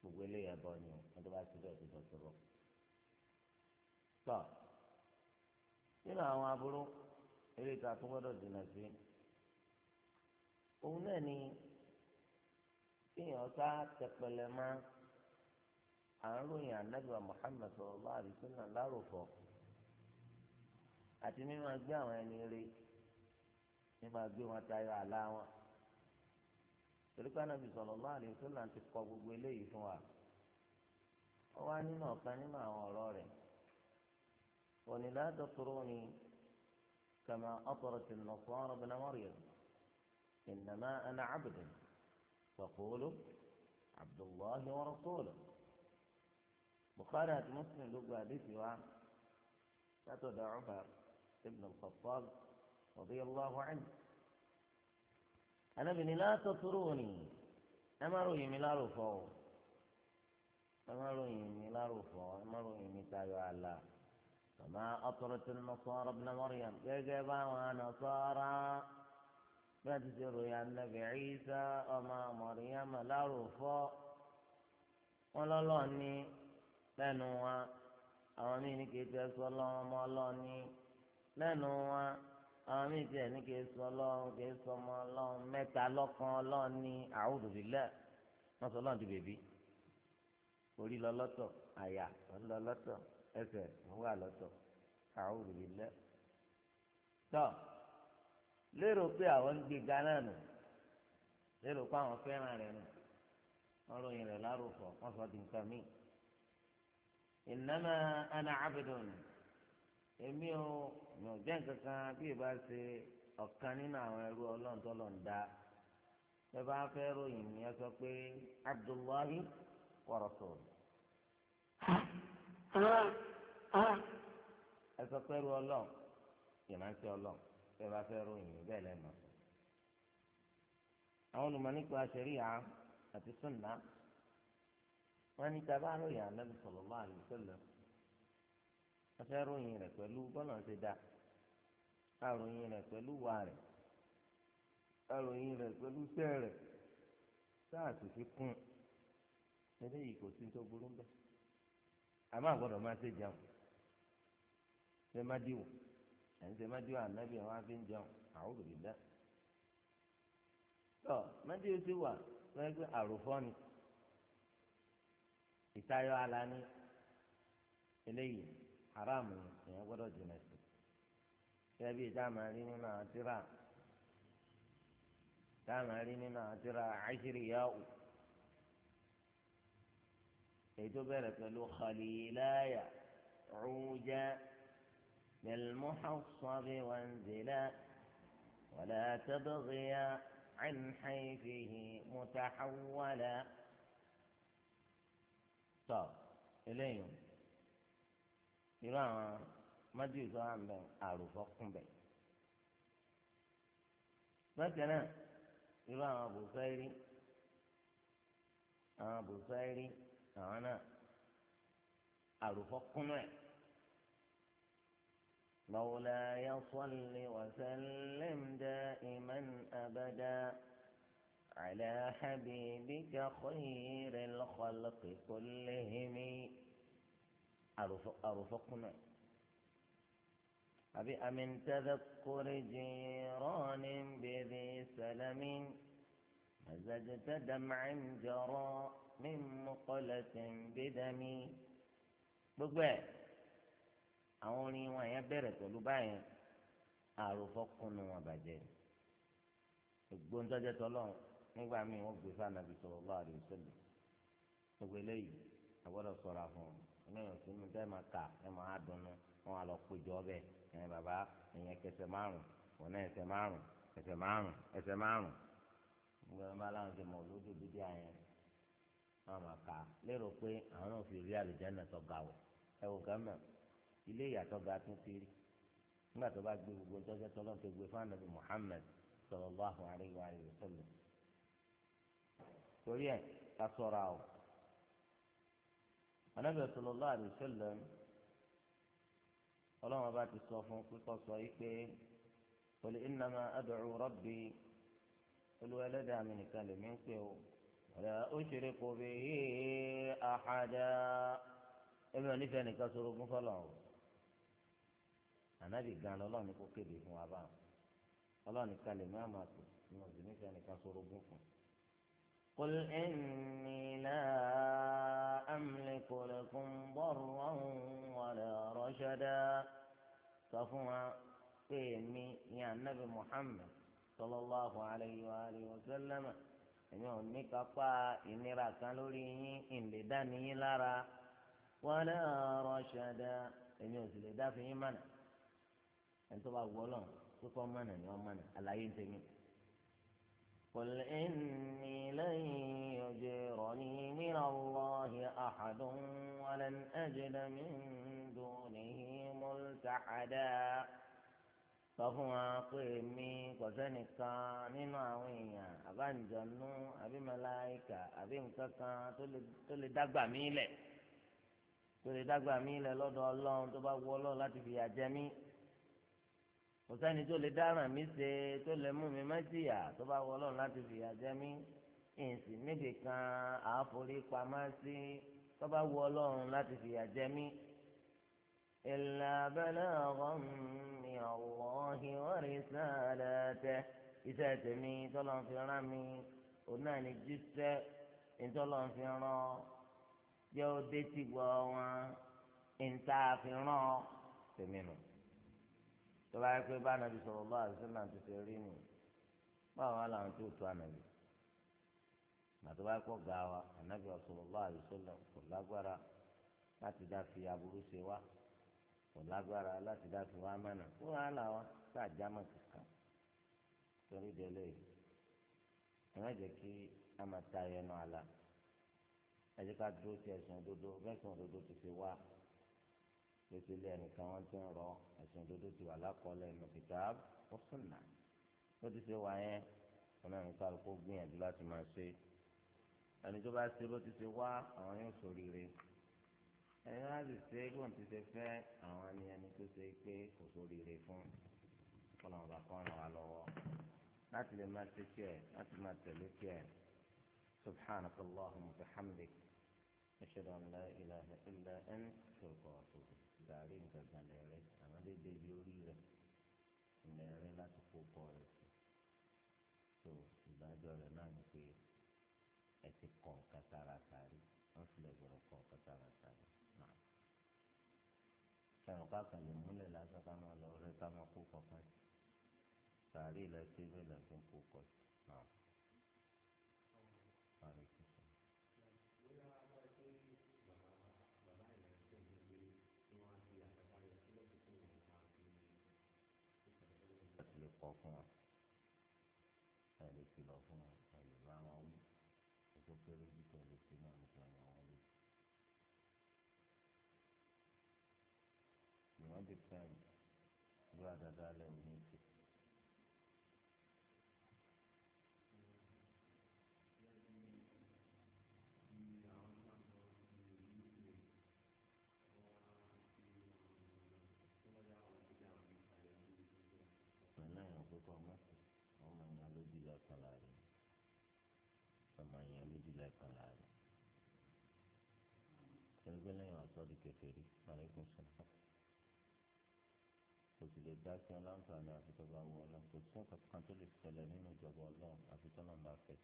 gbogbo eléyà bọ ni wọn tó bá ti bẹ ti dọtí bọ. tọ nínú àwọn aburú eré ìta tó gbọ́dọ̀ dènà sí òun náà ni kéèyàn sá tẹpẹlẹ má àáròyìn anábìwá Muhammad sallallahu alaihi lárúfọ àti mímọ gbé àwọn ẹni rí mímọ gbé wọn tayọ àlá wọn. torí pé anábì sọlọ lọ sallallahu alaihi wasallam ti kọ gbogbo eléyìí fún wa ó wá nínú ọ̀kan nínú àwọn ọ̀rọ̀ rẹ̀ òní la tatruni kama atratin nasara ibn Maryam innama ana abudu faqulu abdullahi won rasuluhu Bukhari àti Muslim ló gba àdéhùn wa látọ̀dọ̀ Umar ibn al-Khattab allahu anhu. Ànábì ní látọ̀ tóró ni ẹ má ròyìn mi láròfọ́ o ẹ má ròyìn mi láròfọ́ ẹ má ròyìn mi tayọ àlà tọ́mọ ọ̀tọ̀rọ̀ tó ní nasara ibn Maryam gẹ́gẹ́ báwọn nasara bí wọ́n ti ṣe ròyìn Ànábì Ìsá ọmọ Maryam láròfọ́ wọn lọ́lọ́ ní lẹ́nu wa àwọn míì ní kí ẹ ti sọ ọlọ́run ọmọ ọlọ́ọ̀ni lẹ́nu wa àwọn míì tiẹ̀ ní kì í sọ ọlọ́run kì í sọ ọmọ ọlọ́run mẹ́ta lọ́kan ọlọ́run ní a'udhu billahi wọ́n sọ ọlọ́run di bèbí orí lọ lọ́tọ̀ àyà lọ lọ́tọ̀ ẹsẹ̀ wà lọ́tọ̀ a'udhu billahi tọ́ lérò pé àwọn ń gbé ganá nù lérò pé àwọn fẹ́ràn rẹ̀ nù wọ́n ròyìn rẹ̀ lárúfọ̀ wọ́n sọ di nǹkan míì innama ana abdun èmi ò mi ò jẹ́ nǹkan kan bí ìbá ṣe ọ̀kan nínú àwọn ẹrú ọlọ́run tó lọ́n da bẹ́ẹ̀ bá fẹ́ ròyìn mi ẹ sọ pé Abdullahi wa rasul. ẹ sọ pé ẹrú ọlọ́run ìrántí ọlọ́run bẹ́ẹ̀ bá fẹ́ ròyìn mi bẹ́ẹ̀ lẹ́nu. àwọn olùmọ̀ nípa àti sunna wọ́n ní tàbá ròyìn ànábì sallallahu alaihi wasallam afẹ́ ròyìn rẹ̀ pẹ̀lú bọ́nà ṣe dá àròyìn rẹ̀ pẹ̀lú wà rẹ̀ àròyìn rẹ̀ pẹ̀lú sẹ́ rẹ̀ sáà sì fi kún eléyìí kò sí tó burú bẹ́ẹ̀ àmọ́ àgbọ̀dọ̀ máa ṣe jẹun ṣe má díwò ẹ̀yin ṣe má díwò ànábì àwọn afi ń jẹun àwọn òbí dá tọ́ má díwò wà lọ́yẹ́ àròfọ́ ni ìtayọ̀ ala ní eléyìí. haram haramu èèyàn gbọ́dọ̀ jìnà sí gẹ́gẹ́ bíi dáàmà rí nínú àtìrà dáàmà rí nínú àtìrà àṣíríyáwó èyí tó bẹ̀rẹ̀ pẹ̀lú xaliláyà rújà بالمحصب وانزلا ولا تبغيا عن حيثه متحولا to إليهم irú àwọn mádìrì ìsọ wà mbẹ àròfọ kún bẹ bákan náà irú àwọn àbòsáírí àwọn àbòsáírí àwọn náà àròfọ kúnú ẹ lọ́wọ́lá yẹn sọ́ọ́lì wàsálẹ́m دائما أبدا على حبيبك خير الخلق كلهم. àròfọ́kúnà àbí amíntẹ́dẹ́ kórè jìrọ́ọ̀nì bèbè sẹlẹ̀mí àzàjẹtẹ dàmáìn jọrọ mímú kọlẹ̀tì gbẹdẹmí gbogbo ẹ̀ àwọn orin wọn yẹn bẹ̀rẹ̀ pẹ̀lú báyẹn àròfọ́kúnà wọn bàjẹ́ gbóńtọ́jẹ́ tọ́lọ́run nígbà míì wọ́n gbé fún anabi sallallahu alaihi wasallam gbogbo eléyìí àgbọ́dọ̀ sọ̀rọ̀ àfọ̀n mẹ́rin sínú tẹ́ máa kà ẹ̀ máa dùnnú wọn á lọ péjọ ọbẹ̀ ẹ̀ bàbá ẹ̀yẹn kẹsẹ̀ márùn wọn náà ẹsẹ̀ márùn ẹsẹ̀ márùn ẹsẹ̀ márùn. gbọ́dọ̀ bá láwọn ti mọ̀ lójú dídí àyẹn wọn máa kà lérò pé àwọn náà fi rí àlùjáná tó ga wọ̀ ẹ wò ká mọ̀ ilé ìyàtọ̀ ga tún ti rí nígbà tó bá gbé gbogbo tọ́jọ́ tọ́lọ́ tó gbé fún ànábì Muhammad sallallahu alaihi wa sallam torí ẹ̀ ká sọ̀rọ̀ àwọn anábìyà sọlọ́lá àdìsẹ́lẹ̀ ọlọ́run ọba ti sọ fún pípọ̀ sọ yìí pé pẹ̀lú ìnáma ad'u rabbi olúwa ẹlẹ́dàá mi nìkan lèmi ń pè ó ọ̀rẹ́ ó ṣeré kò bí hí àhàdá ẹ̀mí onífẹ̀ẹ́ nìkan sọ̀rọ̀ fún fọlọ́ o ànábì gan lọ́lọ́run ní kó kéde fún wa báwọn ọlọ́run nìkan lèmi àmọ̀ àtò ìmọ̀ sí nífẹ̀ẹ́ nìkan sọ̀rọ̀ fún fún قل إني لا أملك لكم ضرا ولا رشدا فهو فيمي يا النبي محمد صلى الله عليه وآله وسلم èmi ò ní kápá ìnira kan lórí yín ìlè dání yín lára wọn náà rọṣà dá èmi ò sì lè dá fi yín mànà ẹni tó bá wọ Ọlọ́run tó kọ mànà ni wọn mànà àlàyé ń tẹmí. قل إني لن يجيرني من الله أحد ولن أجد من دونه ملتحدا fọ́fún wa pé èmi kò sẹ́nìkan nínú àwọn èèyàn àbáǹjọ̀nú àbí màláíkà àbí nǹkan kan tó lè dágbà mí lẹ̀ tó lè dágbà mí lẹ̀ lọ́dọ̀ ọlọ́run tó bá wù ọlọ́run láti fìyà jẹ mí kò sẹ́ni tó lè dáràn mí ṣe tó lè mú mi mẹ́tìyà tó bá wọ ọlọ́run láti fìyà jẹ mí ìsìn níbi kan àáforí pamọ́ sí tó bá wọ ọlọ́run láti fìyà jẹ mí. إلا بلاغا من الله ورسالاته iṣẹ́ tèmi tọ́lọ́n fi rán mi òun náà ní jíṣẹ́ ìtọ́lọ́n fi rán jẹ́ ó dé tìgbọ́ wọn ìta fi rán tèmi nù tọ́ba yẹ pé bá anabi sọ̀rọ̀ lọ́wọ́ àti sọ́nà ti ṣe rí nù báwọn làwọn tó tó anabi màtọ́ bá kọ́ ga wa anabi sọ̀rọ̀ lọ́wọ́ àti sọ́nà kò lágbára láti dá fi aburú ṣe wá kò lágbára láti dá fi wá mẹ́nà kó wá là wá sáà jámà kankan torí délé ẹ má jẹ́ kí a máa ta ẹnu àlà ẹ ká dúró ti ẹ̀sùn òdodo bẹ́ẹ̀ sùn òdodo ti fi wá lẹ́sẹ̀ ilé ẹnìkan wọ́n ti ń rọ ẹ̀sìn òdodo ti wà lákọọ́lẹ̀ nínú kitab wa sunnah ó ti ṣe wá yẹn wọn náà nípa kó gbìyànjú láti máa ṣe ẹni tó bá ṣe bó ti ṣe wá àwọn yóò ṣoríire ẹni náà sì ṣe bó ti ṣe fẹ́ àwọn ni ẹni tó ṣe pé kò ṣoríire fún kọlọmọba kan ràn wá lọ́wọ́ láti lè máa ṣe tiẹ̀ láti máa tẹ̀lé tiẹ̀ subhanakallahumma wa bihamdik ashhadu an la ilaha illa anta astaghfiruka wa atubu sàárè nǹkan kan lẹ̀ rẹ àwọn dédé bí orí rẹ ilẹ̀ rẹ láti kó pọ̀ rẹ sí so ìdájọ́ rẹ náà ni pé ẹ ti kọ̀ kátàrà sàárè wọ́n sì lè gbọ́dọ̀ kọ̀ kátàrà sàárè náà ẹ̀rọ kákan lè múlẹ̀ lásán ká máa lọ rẹ ká máa kó kọ̀ọ̀kan sí sàárè ilẹ̀ sí ibẹ̀ kó kọ̀ náà. kọ́ fún wọn ẹ lè kìlọ̀ fún wọn ẹ lè bá wọn wí ètò kéré jù tó lè fi náà nípa ẹ̀yàn wọn lé. ìwọ́n ti tẹ̀ ìgbà dáadáa lẹ́yìn lẹ́ẹ̀kan láàrin ọmọ èèyàn méjì lẹ́ẹ̀kan láàrin ẹgbẹ́ lẹ́yìn àtọ́dí kékeré àlékún sọ̀rọ̀ kò sì lè dá sí aláǹfààní àfitọ́ba wọ ọlọ́run kò sí ọ̀kan kan tó lè ṣẹlẹ̀ nínú ìjọba ọlọ́run àfitọ́nà bá fẹ́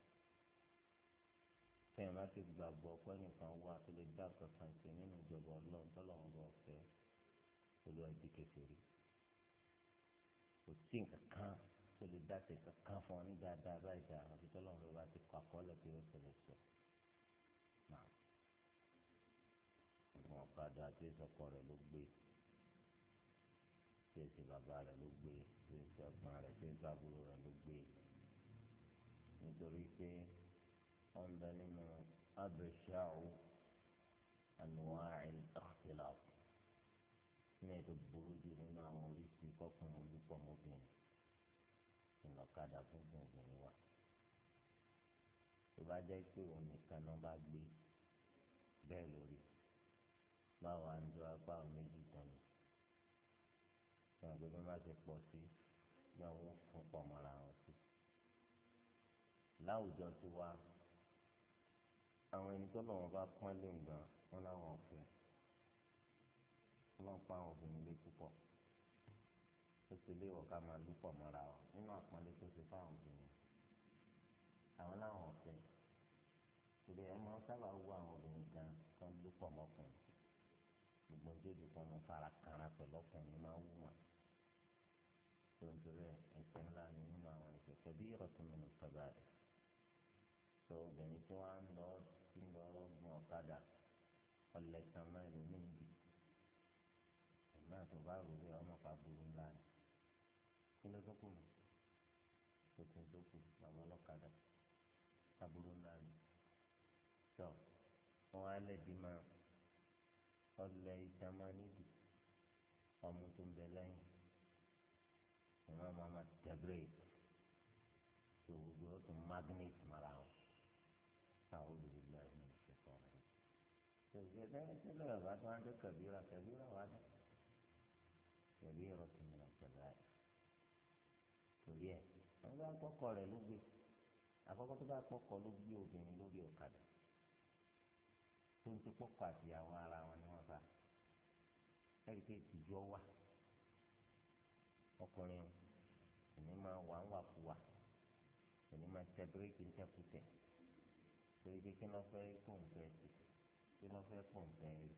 tẹ́yìn bá ti gbàgbọ́ pé nìkan wá tó lè dá kankan sí nínú ìjọba ọlọ́run tọ́lọ́run bá fẹ́ olú ẹ̀dí kékeré kò sí nǹkan kan tó lè dá sí kankan fún ọ ní dáadáa báyìí dáa àfi tọ́lọ́run ló bá ti kọ àkọọ́lẹ̀ pé ó ṣẹlẹ̀ sí ọ. àwọn ọ̀kadà àti ìsọkọ rẹ̀ ló gbé tí èsì bàbá rẹ̀ ló gbé tí èsì ọgbọ́n rẹ̀ tí èsì àbúrò rẹ̀ ló gbé nítorí pé wọ́n bẹ nínú abẹ́ṣáù ànúwáàrin ìtàkìlà ní ètò burú nínú àwọn oríṣi kọkùnrin olùkọ́ ọ̀kadà fún gbùngbùn wa tó bá jẹ́ pé òun nìkan náà bá gbé bẹ́ẹ̀ lórí báwa ń dúró apá àwọn méjì tán ni wọn àgbẹ̀ bí wọ́n bá ti pọ̀ sí náà wọ́n fún pọ̀ mọ́ra wọn sí láwùjọ ti wá àwọn ẹni tó lọ́wọ́ bá pọ́n lé ǹgbọ́n wọn láwọn ọ̀fẹ́ wọn pa àwọn obìnrin lé púpọ̀ ó ti léwọ̀ ká máa lúpọ̀ mọ́ra wọn nínú àpọ́nlé tó ṣe fáwọn obìnrin àwọn láwọn ọ̀fẹ́ torí ẹ máa sábà wọ àwọn obìnrin gan tán ló pọ̀ mọ́kùnrin gbogbo ojú kan ló fara kanra pẹ̀lú ọkùnrin máa wù wọn tontoro ẹ̀ṣẹ̀ ńlá ni nínú àwọn ẹ̀ṣẹ̀ tẹbí ìrọtúnmí ní tọba rẹ tó obìnrin tí wọn ń lọ sí lọ gun ọ̀kadà ọlẹsàn mẹ́rin níbi aburú ńlá ni tọ wọn á lẹbi máa ọlẹ ìjàmá nídìí ọmọ tó ń bẹ lẹ́yìn ìwọn máa ma tẹbírèèdì tó gbogbo ó tún magnet mara wọn àwọn olùdílé ẹni ìṣẹ̀kọ́ rẹ̀ tó gbé lẹ́yìn tí lọ́yọ̀ bá tó ń dé kẹ̀bíra kẹ̀bíra wà dé kẹ̀bíra tó ń lọ kẹ̀bíra torí ẹ̀ wọ́n bá rẹ̀ ló gbé àkọ́kọ́ tó bá pọkọ ló gbé obìnrin lórí ọ̀kadà tó ń ti pọkọ àtìyàwó ara wọn ni wọ́n bá ẹ̀rí pé ìtìjú ọwà ọkùnrin òní máa wà ń wàkuwà òní máa tẹ bíréèkì ń tẹkùtẹ torí pé kí ló fẹ́ pòǹpẹ́ sí kí ló fẹ́ pòǹpẹ́ rí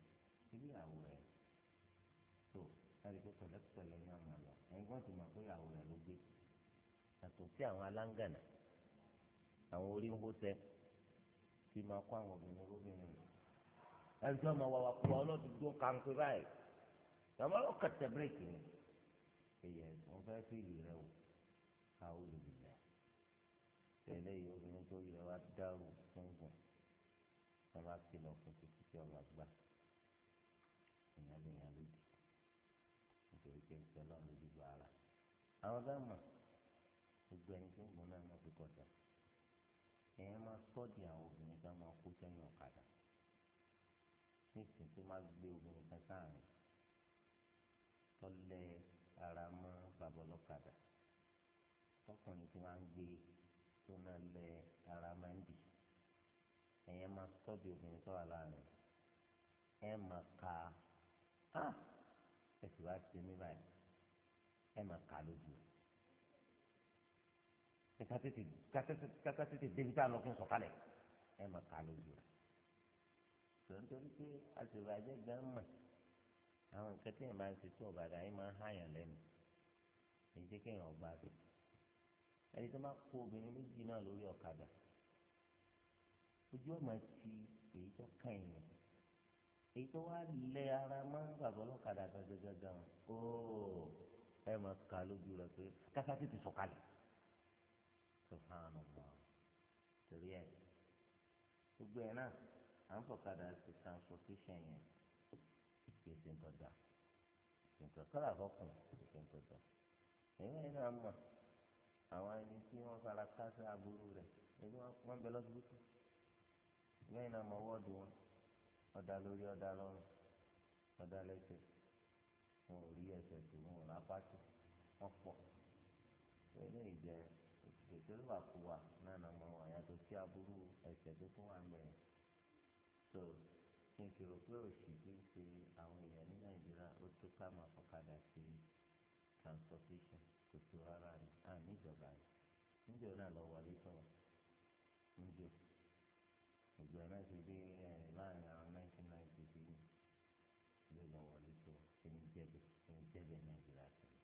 síbí ìyàwó rẹ̀ tó ẹ̀rí pé pẹ̀lẹ́pẹ̀lẹ́ ní àmàlà ẹ̀gbọ́n ti mọ̀ pé ìyàwó rẹ̀ ló gbé yàtọ̀ sí àwọn aláǹgànà àwọn orí ń bó sẹ kí máa kó àwọn obìnrin lóbìnrin ẹni tí wọn máa wà wà pọ ọlọ́dúndún kankan báyìí àwọn ọlọ́kà tẹ bírèkì ni ẹ̀yẹ wọn fẹ́ fi ìlú rẹ o àwọn olùdíje tẹ̀lé yìí obìnrin tó yẹ wá dárò gbọ̀ngàn wọn bá ti lọ fún títí tí ọba gbà ìyàlẹ̀ ìyàlẹ̀ dì nítorí pé ìṣẹ̀lẹ̀ ọ̀hún ló dìbò ara àwọn bá mọ̀ gbogbo ẹni tó ń gbọ́n náà mọ̀ pé kọjá èèyàn máa sọ́ọ̀dì àwọn obìnrin kan máa kó sẹ́yìn ọ̀kadà nísìnyí tó máa gbé obìnrin kan sáàrin tọ́lẹ̀ ara mọ́ bàbá ọlọ́kadà tọkùnrin tí máa ń gbé tó náà lẹ ara máa ń dì èèyàn máa sọ́ọ̀dì obìnrin tó wà láàrin ẹ máa ka ẹ wá sí mi báyìí ẹ máa kà lójú ẹ ká tètè kàkà tètè débi tá a lọ kí n sọ kalẹ̀ ẹ mà ká lójú rẹ̀ sọ̀rọ̀ nítorí pé àṣìbàjẹ́ gan mọ̀ àwọn nǹkan tí ẹ̀ máa ń ṣe tí ọ̀bàdà yín máa ń hàyàn lẹ́nu èyí jẹ́ kéèyàn ọgbà rẹ̀ ẹni tó máa kó obìnrin méjì náà lórí ọ̀kadà ojú ọ̀mà ti èyí tó kàn yín èyí tó wá lẹ ara máa ń bàbá ọlọ́kadà gangan gangan ó ẹ mà ká lójú rẹ̀ pé kàkà tètè sọ subhanallah torí ẹ gbogbo ẹ náà à ń fọkadà sí transportation yẹn kì í ṣe ntọ́jà kì í tọ́kọ́lá fọkùn kì í tọ́jà èyí náà mọ̀ àwọn ẹni tí wọ́n fara kásá aburú rẹ̀ èyí wọ́n ń bẹ lọ́sibítù lẹ́yìn náà mọ̀ wọ́ọ̀dù wọn ọ̀dà lórí ọ̀dà lọ́rùn ọ̀dà lẹ́sẹ̀ wọn ò rí ẹsẹ̀ tó wọn ò lápá tó wọ́n pọ̀ pẹ̀lú ìjẹun nítorí wàkúwà náà nà mọ àyàtọ̀ sí aburú ẹ̀ṣẹ̀ tó tún wà mẹ́rin tó kí n fi rò pé òṣì tí ń ṣe àwọn èèyàn ní nàìjíríà ó tó ká máa fọkadà sí transportation kò tó rárá ni à níjọba ni níjọ náà lọ wọlé sọ̀rọ̀ níjọ ìgbà náà ti dé láàrin àwọn nineteen ninety three ló lọ wọlé sọ̀rọ̀ ẹni jẹ́bẹ̀ ẹni jẹ́bẹ̀ nàìjíríà sọ̀rọ̀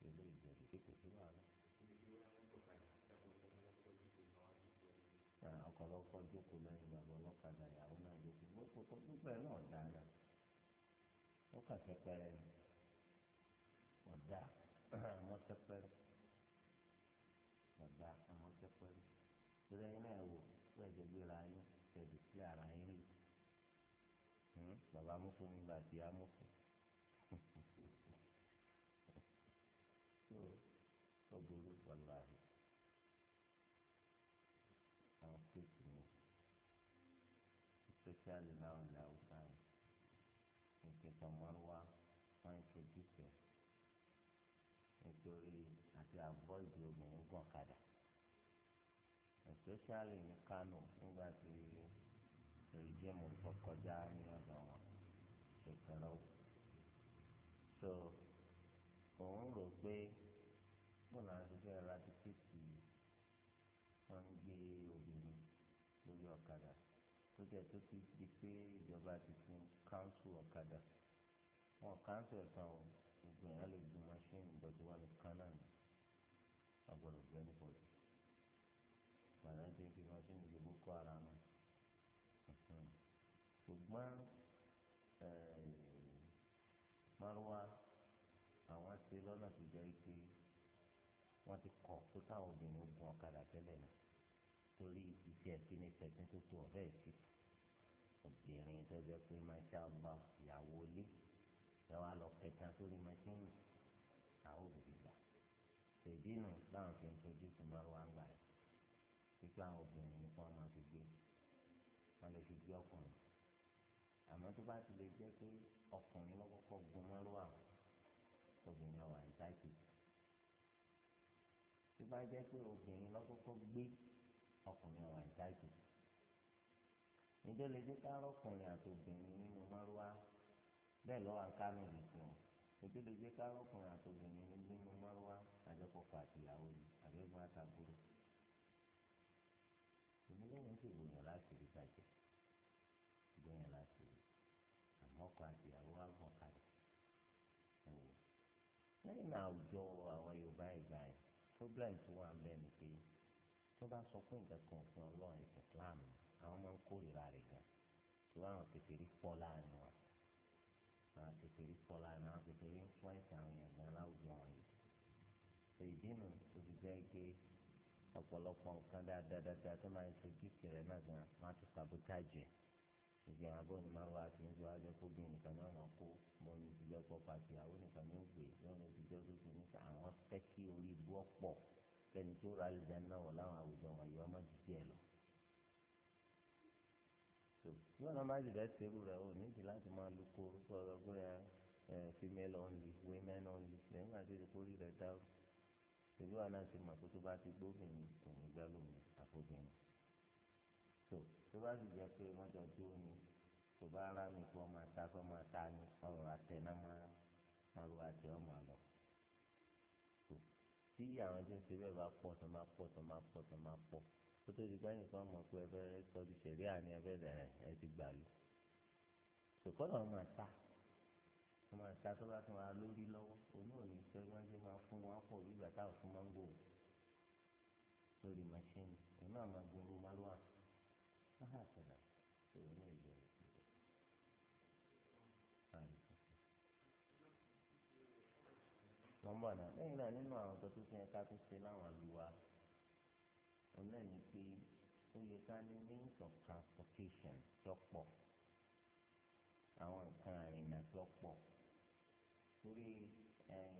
pẹ̀lú ìbẹ̀rù kékeré wà lọ. lọ́kọ́ jókòó lẹ́yìn bàbá ọlọ́kadà ìyàwó náà jókòó gbogbo tó gbogbo ẹ̀ náà dára ó kà tẹ́pẹ́rẹ́ ni ọ̀dà àmọ́ tẹ́pẹ́rẹ́ ọ̀dà àmọ́ tẹ́pẹ́rẹ́ torí ẹ̀yin náà wò lẹ́jọ́ gbéra yín tẹ̀lé sí ara yín rí hmm? bàbá mọ́tò nígbà tí a mọ́tò especially láwọn ilẹ̀ haúsá yìí nǹkan tọmọlúwa wọn ń ṣojú fẹ nítorí àti avoid obìnrin gàn kadà especially ní Kano nígbà tí rìjẹ́mù tó kọjá ní ọ̀dọ̀ wọn ṣèkọ̀rọ̀ so òun rò pé bóun àti fẹ́ ra ti tiẹ̀ tó fi di pé ìjọba ti fún káńsù ọ̀kadà wọn káńsù ẹ̀sán o gbogbo èèyàn lè gbé máṣíìnì ìdọ̀tí wà ní kánà ní agbọ̀dọ̀ gbẹ́ni bọ̀dọ̀ gbàdá ti fi máṣíìnì ìdìbò kọ́ ara wọn ṣùgbọ́n eh, márùwá àwọn ṣe lọ́nà tó jẹ́ pé wọ́n ti kọ̀ tó táwọn obìnrin gun ọ̀kadà tẹ́lẹ̀ náà torí ìfẹ́ kí ni tẹ̀síntòtò ọ̀rẹ́ ìsìnkú obìnrin tó jẹ́ pé masha allah ìyàwó ilé ẹ wá lọ kẹta sórí mẹsìnì àwọn òbígbà tèbínú láwọn fi ń tọ́jú tó máa wá gbà rẹ pípé àwọn obìnrin ni wọ́n máa fi gbé wọ́n lè fi gbé ọkùnrin àmọ́ tó bá ti lè jẹ́ pé ọkùnrin lọ́kọ́kọ́ gun mọ́rọ́ àwọn obìnrin ọ̀wà ìtàkì tó bá jẹ́ pé obìnrin lọ́kọ́kọ́ gbé ọkùnrin ọ̀wà ìtàkì níjọ́ lè dé kárọ̀ ọkùnrin àti obìnrin nínú márùá bẹ́ẹ̀ lọ́wọ́ àkánú nìkan níjọ́ lè dé kárọ̀ ọkùnrin àti obìnrin nínú márùá àjọpọ̀pọ̀ àtìyàwó yìí àbẹ́gun àtàbúrò èmi lẹ́yìn sì gbòyàn láti rí bàjẹ́ gbòyàn láti rí àmọ́kọ àtìyàwó àgbọ̀n kalẹ̀ ẹ̀wọ̀ lẹ́yìn àwùjọ àwọn Yorùbá ìgbà yẹn problem tó wà ń bẹ́ẹ̀ ni pé tó bá sọ fún ìgbà fún ọlọ́run ìsìnkú láàmú àwọn máa ń kórìíra rẹ̀ gan tí wọ́n àwọn kékeré pọ̀ láàrin wọn àwọn kékeré pọ̀ láàrin àwọn kékeré ń fún ẹ̀sìn àwọn èèyàn gan láwùjọ wọn yìí tó ìdínà tó ti jẹ́ pé ọ̀pọ̀lọpọ̀ nǹkan dáadáa tó máa ń ṣe kíkì rẹ̀ náà gan wọ́n á ti sabotage ẹ̀ ìgbà àbọ̀ ni máa wá sí ní wá jẹ́ kó bí nìkan náà máa kó mọ́ ní ìdíjọ́ pọ̀ pàṣẹ àwọn nìkan ní ògbè lọ́wọ́ ní ìdíjọ́ tó ti àwọn fẹ́ kí orí ibú ọ̀pọ̀ kẹ́ni tó ra lè dáná wọ̀ láwọn àwùjọ wọ̀nyí ọmọ jíjẹ́ lọ wọn náà bá jìbẹ́ serú rẹ̀ ò níbi láti máa lu koro fún ọ̀rọ̀ pé ẹ female only women only lẹ́yìn àti ìdókòrí rẹ̀ dáwọ́ ìlú àná ti mọ̀ pé tó bá ti gbóbìnrin òun gbá lómi àfọbìnrin tó tó bá sì jẹ́ pé wọ́n jọ dúró ni tó bá rá mi kó ọmọ ata fẹ́ ọmọ ata ni ọ̀rọ̀ àtẹ náà máa máa lo àtẹ ọmọ àlọ́ tó tí àwọn tí ń ṣe bẹ́ẹ̀ bá pọ̀ tó máa pọ̀ tó máa pọ̀ tó máa pọ̀ kó tó di gbẹ́yìn kan mọ̀ pé ẹbẹ́ sọ́ọ́dì ṣẹ̀rí àní ẹbẹ́ dẹ̀rẹ̀ ẹ ti gbà lù ṣùkọ́lọ̀ ọmọ ẹ̀ta ọmọ ẹ̀ta tó bá tún wa lórí lọ́wọ́ òun ò ní fẹ́ wọ́n ṣe máa fún wọn pọ̀ bí ìgbà táwọn fún máa ń gbòòrò lórí màṣíìnì òun náà máa gbòòrò márùn-ún àti àtẹ̀là òun náà yẹ wọ́n bọ̀ náà lẹ́yìn náà nínú àwọn tó tún ṣe láwọn òun náà ní pé ó yẹ ká ní means of transportation tí ó pọ̀ àwọn nǹkan àrìnà tí ó pọ̀ torí eh,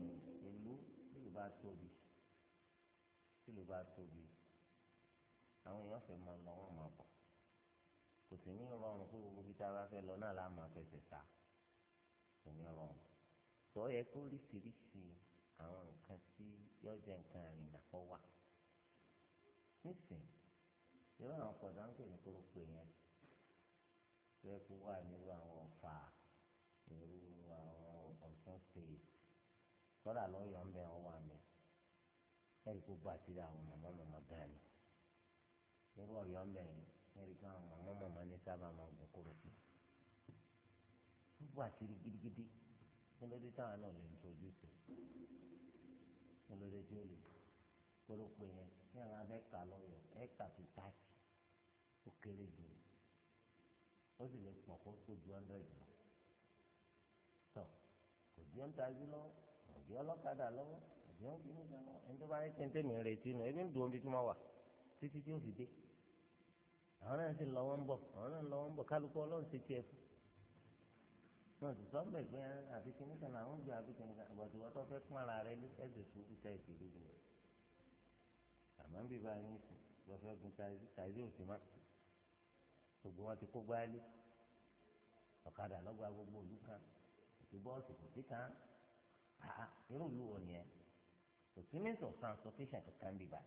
ìlú tí ìlú bá tóbi tí ìlú bá tóbi àwọn èèyàn fẹ́ máa lọ wọ́n máa bọ̀ kò sì ní rọrùn pé gbogbo ibi tá a bá fẹ́ lọ náà la máa fẹsẹ̀ ta kò ní rọrùn tó yẹ kó oríṣiríṣi àwọn nǹkan tí yọjẹ nǹkan àrìnà kọ wà nísìn irú àwọn pọ̀dánkì ní kórópè yẹn fẹ́ kó wà nírú àwọn ọ̀fà nírú àwọn ọ̀sán stage kọ́dà lọ́yọ̀ ń bẹ wọn wà mí ẹ̀rí kó bá sí àwọn mọ̀mọ́ mọ̀mọ́ dání nírú ọ̀yọ́ ń bẹ yẹn ẹ̀rí kó àwọn mọ̀mọ́ mọ̀mọ́ ní sábà máa gùn kórópè gbogbo àṣírí gidigidi nílódé táwọn náà lè ń tọ́jú sí nílódé tí ó lè kọ́ kórópè yẹn ní àwọn abẹ́ka lọ́yọ̀ ẹ̀ka ti táàkì ó kéré jù ó sì lè pọ̀ kó tó ju hundred lọ tọ̀ kò di ọ́ntàjú lọ kò di ọlọ́kadà lọ kò di ọ́nkìnìkan lọ ẹni tó bá ní tẹ́ńtẹ́ mi retí nù ebi ń dùn omi tí mo wà títí tí ó fi dé àwọn náà sì lọ wọ́n ń bọ̀ àwọn náà lọ wọ́n ń bọ̀ kálukú ọlọ́run ṣe tiẹ̀ fún náà sì sọ́ọ́ bẹ̀ pé àfikún àwọn ń gbé àfikún níkan fẹ́ pọ́n ara rẹ ní ẹ̀sìn fún ìta ìṣèlú nìyẹn àmọ́ ń bèbá yín sùn lọ́fẹ́ gun tàìsí òsì má gbogbo wọn ti kó gbáálé ọ̀kadà lọ́gbà gbogbo òlú kan ti bọ́ọ̀sì kò sí kan àá irú ìlú wo nìyẹn kò sí means of transportation kankan bíbá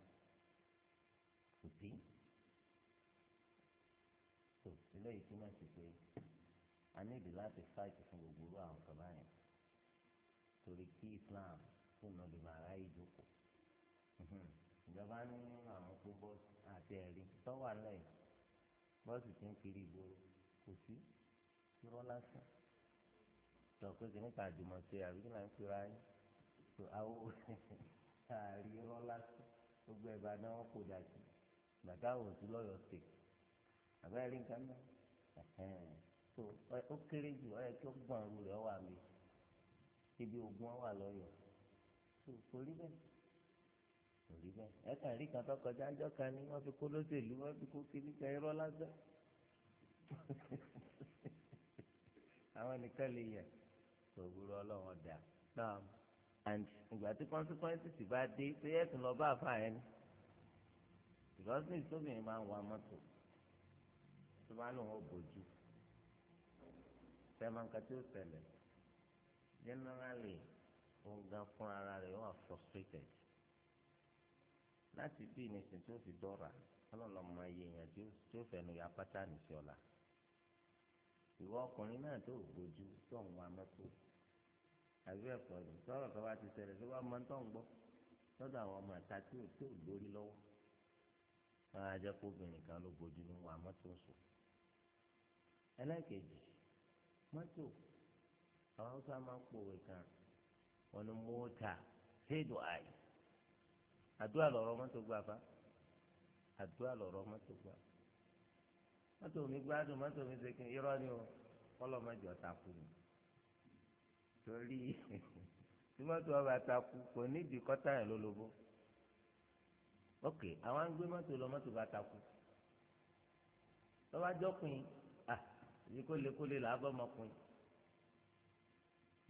kò sí tó eléyìí túmọ̀ sí pé a níbi láti fight fún gbogbo irú àwọn kan báyẹn torí kí Islam fún ọdún màrá ìjókòó ìjọba ní àwọn kó bọ́ọ̀sì àti ẹ̀rí tọ́wà lẹ́yìn bọ́ọ̀sì ti ń kiri ìgboro kò sí irọ́ lásán tọ́ pé kí nípa àjùmọ̀ṣe àbí kí náà ń pera yín tó awo àárí irọ́ lásán gbogbo ẹ̀bà náà wọ́n kò dà sí gbàtà wò sí lọ́yọ̀ tè àbẹ́ rí nǹkan náà tó ó kéré jù ó yẹ kí ó gbọ̀n ru rẹ̀ wà mí ibi ògùn wà lọ́yọ̀ tó torí bẹ́ẹ̀ òrí bẹ́ẹ̀ ẹ kàn rí kan tó kọjá ńjọ́ kan ní wọ́n fi kó lóṣèlú wọ́n fi kó kiri kan irọ́ lásán àwọn nìkan lè yẹ òwúrọ̀ ọlọ́run ọ̀dà náà and ìgbà tí consequences bá dé pé ẹ̀sùn lọ bá àfa yẹn ni ìrọ́sìn ìsóbìnrin máa ń wa mọ́tò tó bá lòun ò bójú sẹ́mọ̀nkà tí ó ṣẹlẹ̀ generally òun gan fún ara rẹ̀ wà frustrated láti bí ìnìsìn tí ó fi dọ́ra ọlọ́lọ́ mọ iye èèyàn tí ó fẹnu ya pátá nìṣẹ́ ọ̀la ìwọ ọkùnrin náà tó gbójú tó ń wa mọ́tò àbí ẹ̀kọ́ ni sọ̀rọ̀ tó bá ti ṣẹlẹ̀ tó bá mọ tó ń gbọ́ lọ́dọ̀ àwọn ọmọ àta tí ò tí ò lórí lọ́wọ́ máa jẹ́ kó obìnrin kan ló gbójú ní wa mọ́tò sùn ẹlẹ́ẹ̀kejì mọ́tò àwọn Haúsá máa ń pòwe kan wọn ni mọ́tà ṣéèdù àyè àdúrà lọ̀rọ̀ mọ́tò gbà fa àdúrà lọ̀rọ̀ mọ́tò gbà mọ́tò mi gbádùn mọ́tò mi ṣe kí irọ́ ni o kọ́lọ́mọ́jọ́ takú ni torí tí mọ́tò ọba takú kò nídìí kọ́tà yẹn lólobó ok àwọn ń gbé mọ́tò lọ mọ́tò bá takú lọ́wọ́ àjọpin ah èyí kó lè kó lè làá bọ́ ọmọkùnrin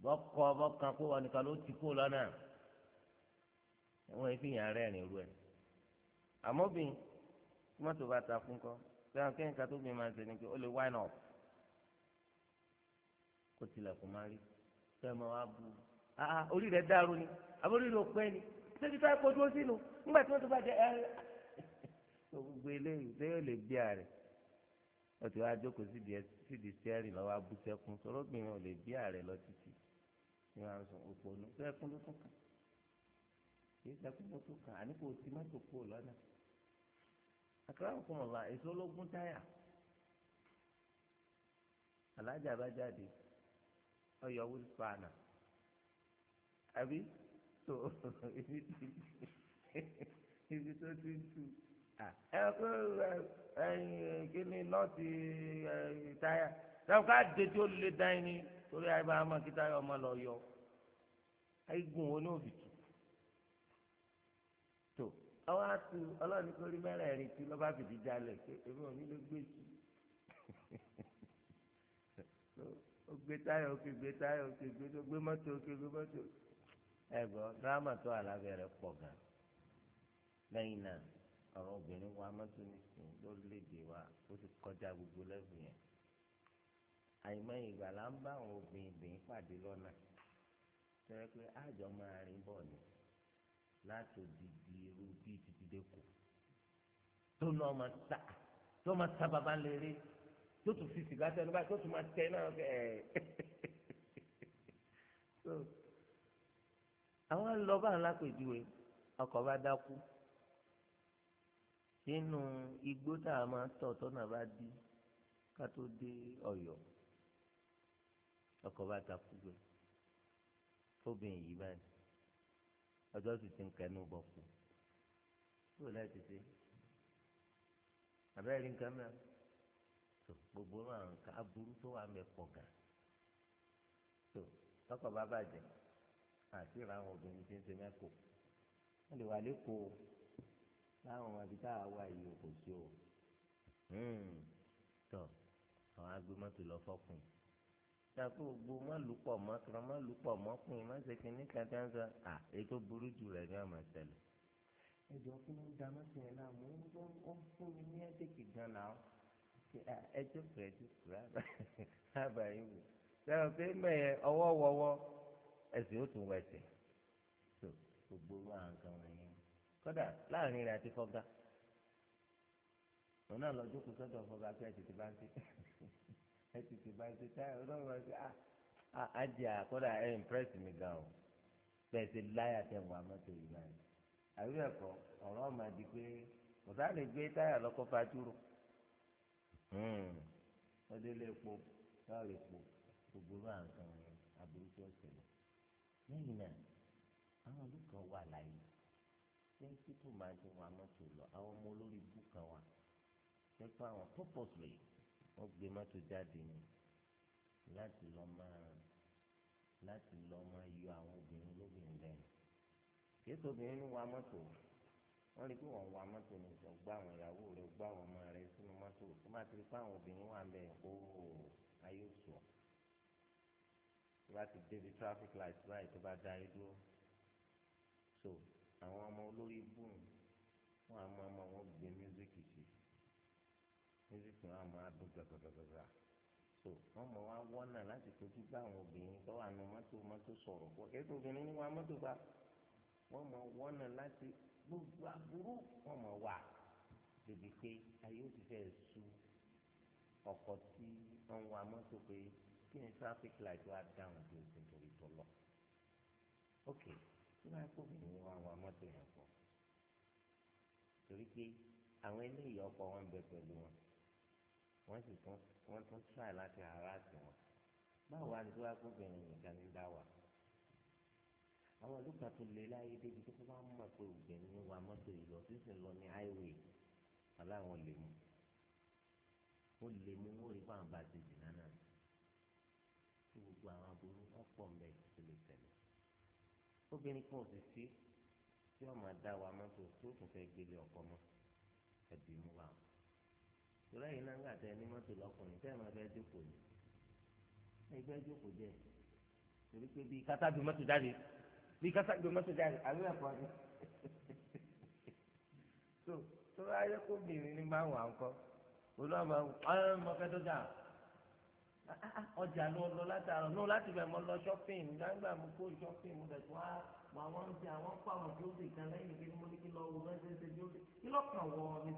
bọ́kọ bọ́kan kó wọn nìkan ló ti kó lọ́nà wọn fi yàn rẹ́rìn ru ẹ̀ àmọ́ bí mọ́tò bá ta fún kọ́ sẹ́wọ̀n kí nǹkan tó bí máa ń ṣe ni pé ó lè wáìn ọ̀f kó tilẹ̀kùn máa rí sẹ́wọ̀n máa wá bu ah, ah, orí rẹ̀ dàrú ni àbórí rẹ̀ pẹ́ ni ṣébi tá a kó dúró sínú nígbà tí wọ́n tó bá jẹ ẹ́ gbogbo eléyìí ṣé yóò lè bí ààrẹ wọ́n ti wá jókòó sídìí sẹ́rìn lọ́wọ́ abúṣẹ́kùn sọ́rọ́gbìn ò lè bí ààrẹ lọ títì ní wàá sọ òpó ní sẹ́kùn ló tún kàn kì í sẹ́kù mọ́tò kan àní kò sí mọ́tò kúrò lọ́nà àkàràwọ̀ kan ọ̀la èso ológun táyà alájà bá jáde ọyọ wíìlì fàánà àbí tó ibi tó ibi tó ti tu ẹ kó kí ni nọ́ọ̀tì táyà sáwọn ká dèjò lè dání torí àyè bá a máa kí táyà ọmọ lọ yọ ayé gùn ó ní òbí ọwọ́ àtú ọlọ́ọ̀ni kò rí mẹ́rẹ̀ẹ̀rin tí lọ́ba fìdí jalè pé èmi ò ní ló gbé sí ó gbé táyà gbé táyà gbé tó gbé mọ́tò ó gbé mọ́tò ẹ̀gbọ́n dírámà tó àlàbẹ̀rẹ̀ pọ̀ gan lẹ́yìn náà ọ̀rọ̀ obìnrin wa mọ́tò nìsín wa ó ti kọjá láti òdìdí irú bíi títí dé kù tó náà máa ta tó máa ta bàbá léré tó tún fi sìgá sẹ́nu báyìí tó tún máa tẹ náà ẹ àwọn lọ ńlá pèjúwe ọkọ̀ bá dákú nínú igbó tá a máa tọ̀ tọ́nà bá dí ká tó dé ọ̀yọ́ ọkọ̀ bá dákú gbé obìnrin yìí báyìí ọjọ́ sì ti ń kẹnu bọ̀ kù kúrò láti ṣe àbẹ́rẹ́ nǹkan mẹ́rin tó gbogbo náà nǹkan aburú tó wà mẹ́ pọ̀ gan tó tọkọ̀ bá bàjẹ́ àti ìrà àwọn obìnrin tí ń ṣe mẹ́kò wọ́n lè wà lẹ́kọ̀ọ́ láwọn ọmọ ibi tá a wà yìí kò sí o hmm. tọ́ àwọn agbé lọ fọ́kùnrin sàkó gbogbo má lù pọ̀ mọ́ tọrọ má lù pọ̀ mọ́ kùn má ṣe kí ní kàtà ń sọ à ètò burú jù rẹ̀ ní àmọ́ ṣẹlẹ̀. ẹjọ kí ló ń da mọ́tò yẹn náà mò ń bọ́ ó ń fún mi ní ẹ́dẹ̀kì gan náà ẹjọ́ pẹ̀ ẹjọ́ pẹ̀ rábà yín wò sẹ́wọ̀n pé mẹ́yẹ ọwọ́ wọwọ́ ẹ̀sìn ó tún wọ ẹ̀sìn tó gbogbo wọn ń kan wọn kódà láàrin rẹ̀ àti fọ́gá òun náà lọ jókòó sọ́dọ̀ fọ́gá pé ẹ̀ ẹ tètè bá ṣe táyà ọlọ́run bá ṣe á jẹ àkọ́dà ẹ impress mi gan o bẹ́ẹ̀ ṣe láyà tẹ̀ wọ́n amọ́tò yìí báyìí àbí ẹ̀kọ́ ọ̀rọ̀ ọ̀ma di pé kò sáà lè gbé táyà lọ́kọ́ fajúrò wọ́n hmm. délé epo náà lè po gbogbo náà nǹkan aburú tó ṣẹlẹ̀ lẹ́yìn náà àwọn olùkọ́ wà láyé lẹ́yìn tí tó máa ń tún wọn amọ́tò lọ àwọn ọmọ olórí ibú kan wà lẹ́pọ̀ àwọn purposely wọ́n gbé mọ́tò jáde ni láti lọ máa láti lọ máa yọ àwọn obìnrin lóbìnrin lẹ́nu kéésì obìnrin ń wa mọ́tò wọ́n rí pé wọ́n wa mọ́tò ní sọ gbá àwọn ìyàwó rẹ̀ gbá àwọn ọmọ rẹ̀ sínú mọ́tò tó bá ti rí pé àwọn obìnrin wà ń bẹ̀ kó ayé sọ tó bá ti débi traffic light báyìí tó bá darí dúró so àwọn ọmọ olórí bùn wọn àmọ́ ọmọ wọn gbé mísíkì sí music tí wọ́n máa dún gbàgbàgbàgbà so wọ́n mọ̀ wá wọ́nà láti tójú bá àwọn obìnrin tó wà nù mọ́tò mọ́tò sọ̀rọ̀ pọ̀ kẹ́tọ́ obìnrin ní wọn mọ́tò bá wọ́n mọ̀ wọ́nà láti gbogbo aburú wọ́n mọ̀ wà débi pé ayé ó ti fẹ́ su ọkọ̀ tí wọ́n wa mọ́tò pé kí ni traffic light wá dáhùn bí o ti lọ. ok tí wọ́n á kó obìnrin ní wọn wa mọ́tò yẹn pọ̀ torí pé àwọn eléyìí ọkọ̀ wọn bẹ pẹ̀lú wọn wọ́n sì tún wọ́n tún try láti harass wọn báwo wá ní tí wọ́n á kó bẹ̀rẹ̀ nìkan ní dá wà àwọn ìlú kan tó lé láyé débi tó bá mọ̀ pé obìnrin ní wa mọ́tò yìí lọ sísè lọ ní highway aláwọn lè mú wọ́n lè mú wọ́n rí fáwọn bá ti dìnnà náà tí gbogbo àwọn aburú ọ̀pọ̀ mbẹ́ tó lè tẹ̀lé obìnrin kan ò sì sí tí wọ́n máa dá wa mọ́tò tó kò fẹ́ gbélé ọkọ mọ́ ẹ̀bí mú ìrọ̀ yìí náà ń gàtẹ́ ní mọ́tò lọ́kùnrin tẹ́ ẹ̀ máa fẹ́ jókòó ni ẹgbẹ́ jókòó jẹ́ torí pé bíi kátà gbé mọ́tò jáde bíi kátà gbé mọ́tò jáde àbí ẹ̀kọ́ ni So, tó ayé kó bìnrin ní máa wà ńkọ́ olóòmọ ọ̀hún ọmọ fẹ́ tó dà ah, ọjà ló lọ látàrọ ló láti bẹ̀ mọ́ lọ shopping gbàgbà mo kó shopping mo dẹ̀ tó wá mọ àwọn oúnjẹ àwọn pàmò tó dì kan lẹ́yìn pé mo ní kí lọ wo mẹ́sẹ̀ẹ́sẹ̀ tó dì kí lọ́kàn wọ mi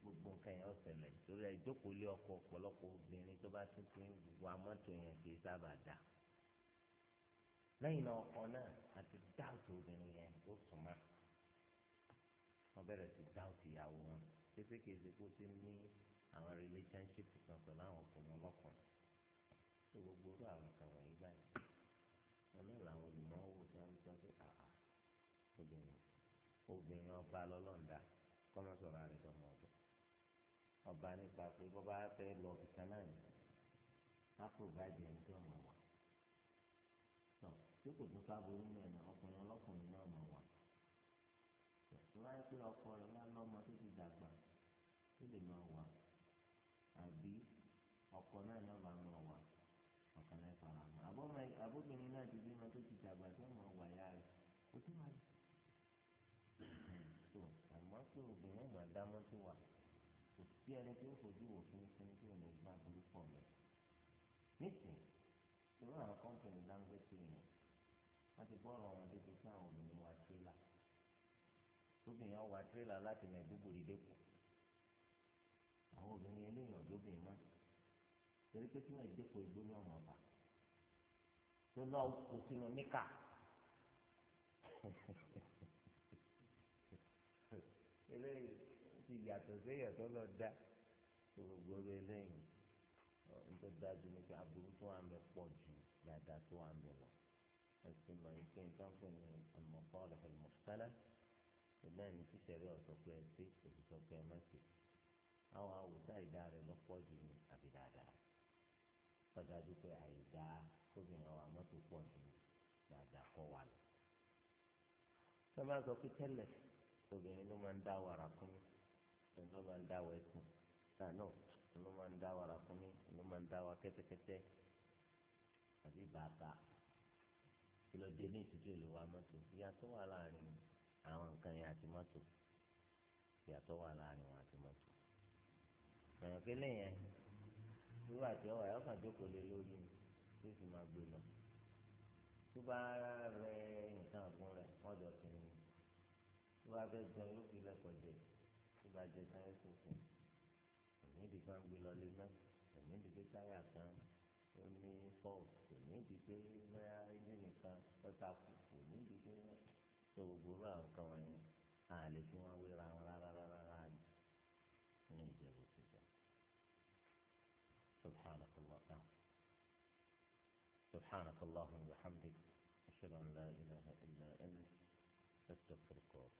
gbogbo nǹkan yẹn ọ̀sẹ̀lẹ̀ torí ẹ̀ jókòó lé ọkọ ọ̀pọ̀lọpọ̀ obìnrin tó bá ti pé gbogbo amọ́tò yẹn kì í sábà dà lẹ́yìn náà ọkọ náà àti dáùtì obìnrin yẹn ó sùn mọ́ wọ́n bẹ̀rẹ̀ sí dáùtì ìyàwó wọn pépé kìí ṣe kó ti ní àwọn relationship kan pẹ̀lú àwọn ọkùnrin ọlọ́kùnrin tó gbogbo orú àwọn kan wọ̀nyí báyìí wọn náà làwọn olùmọ̀wò tí wọ́n sọ pé àà obìnrin obìnrin ọba lọ́lọ́ǹda kọ́mọ́sọ̀rọ̀ àrẹ̀dọ̀mọ́ ọba nípa pé bọ́ba fẹ́ lọ ìkan náà ni kápò bàjẹ́ ń tọ́ ọmọ wa tọ́ tí kò tún sábòrò ní ẹ̀nà ọkùnrin ọlọ́kùnrin náà mọ̀ wá tó wáyé pé ọkọ rẹ̀ máa lọ́mọ tó ti dàgbà tó lè máa wà àbí ọkọ náà náà máa mọ̀ wá ọ̀kan náà fara mọ́ àbóbìnrin náà ti bímọ tó ti dàgbà tó mọ̀ wá yá rẹ̀ ó tún wáyé tó àmọ́ pé obìnrin máa dá mọ́tò wà bí ẹni tí fojú wò fún fún tí òun gbà burú pọ̀ lọ. nísìnyí irú àwọn kọ́ńpìnì dáńgbé sí yẹn wọ́n ti bọ́ọ̀rọ̀ wọn débi pé àwọn obìnrin wa tírélà obìnrin wa tírélà láti Maiduguri dẹ́kun àwọn obìnrin eléyàn lóbìnrin mọ́ torí pé kí wọ́n ìdẹ́kun igbó ní ọmọ ọba tó lọ kó sínú níkà eléyìí ti yàtọ̀ séyàn tó lọ dá gbogbo eléyìí nítorí dájú ni pé aburú tó wà ń bẹ pọ̀ ju dáadáa tó wà ń bẹ lọ ẹsìn mọ̀ yìí pé nǹkan pè ní ọmọkọ́ ọ̀lẹ́fẹ̀ mọ̀tálá ìlú ẹni tí sẹ́rí ọ̀sọ́ pé ẹ sí òṣìṣọ́ pé ẹ má sí àwọn àwòsá ìdá rẹ̀ lọ́pọ̀ jù ní àbí ọ̀dájú pé àìdá kóbìnrin wa mọ́tò pọ̀ jù dáadáa kọ́ wà lọ. sábà sọ pé tẹ́lẹ̀ obìnrin ló máa ń dá wàrà kún mi ẹni ló máa ń dá wa ẹkùn náà náà ẹni ló máa ń dá wa ràkúnmí ẹni ló máa ń dá wa kẹ́tẹ́kẹ́tẹ́ àbí bàbà kí ló dé ní ìtútù ìlú wa mọ́tò ìyàtọ̀ wà láàrin àwọn nǹkan yẹn àti mọ́tò ìyàtọ̀ wà láàrin wọn àti mọ́tò ẹ̀yàn kélé yẹn irú àti ọwọ́ ẹ̀yọ́ kan jókòó lé lórí mi tó sì máa gbé lọ tó bá rẹ nǹkan àgún rẹ wọ́n jọ sí mi tó bá fẹ́ jẹun yóò fi lẹ́kọ̀ọ́ jẹ bàjẹ́ sáyẹ́nsì fún òní ìdí kan gbé lọ lé náà òní ìdí pé táyà kan ó ní fọ́ọ̀tù òní ìdí pé bẹ́ẹ̀ ilé nìkan ọ̀tà kù òní ìdí pé tó gbogbo àwọn nǹkan wọ̀nyí a lè fi wọn wéra wọn rárá rárá rárá ní ìjẹ̀bù tó سبحانك اللهم وبحمدك أشهد أن لا إله إلا أنت أستغفرك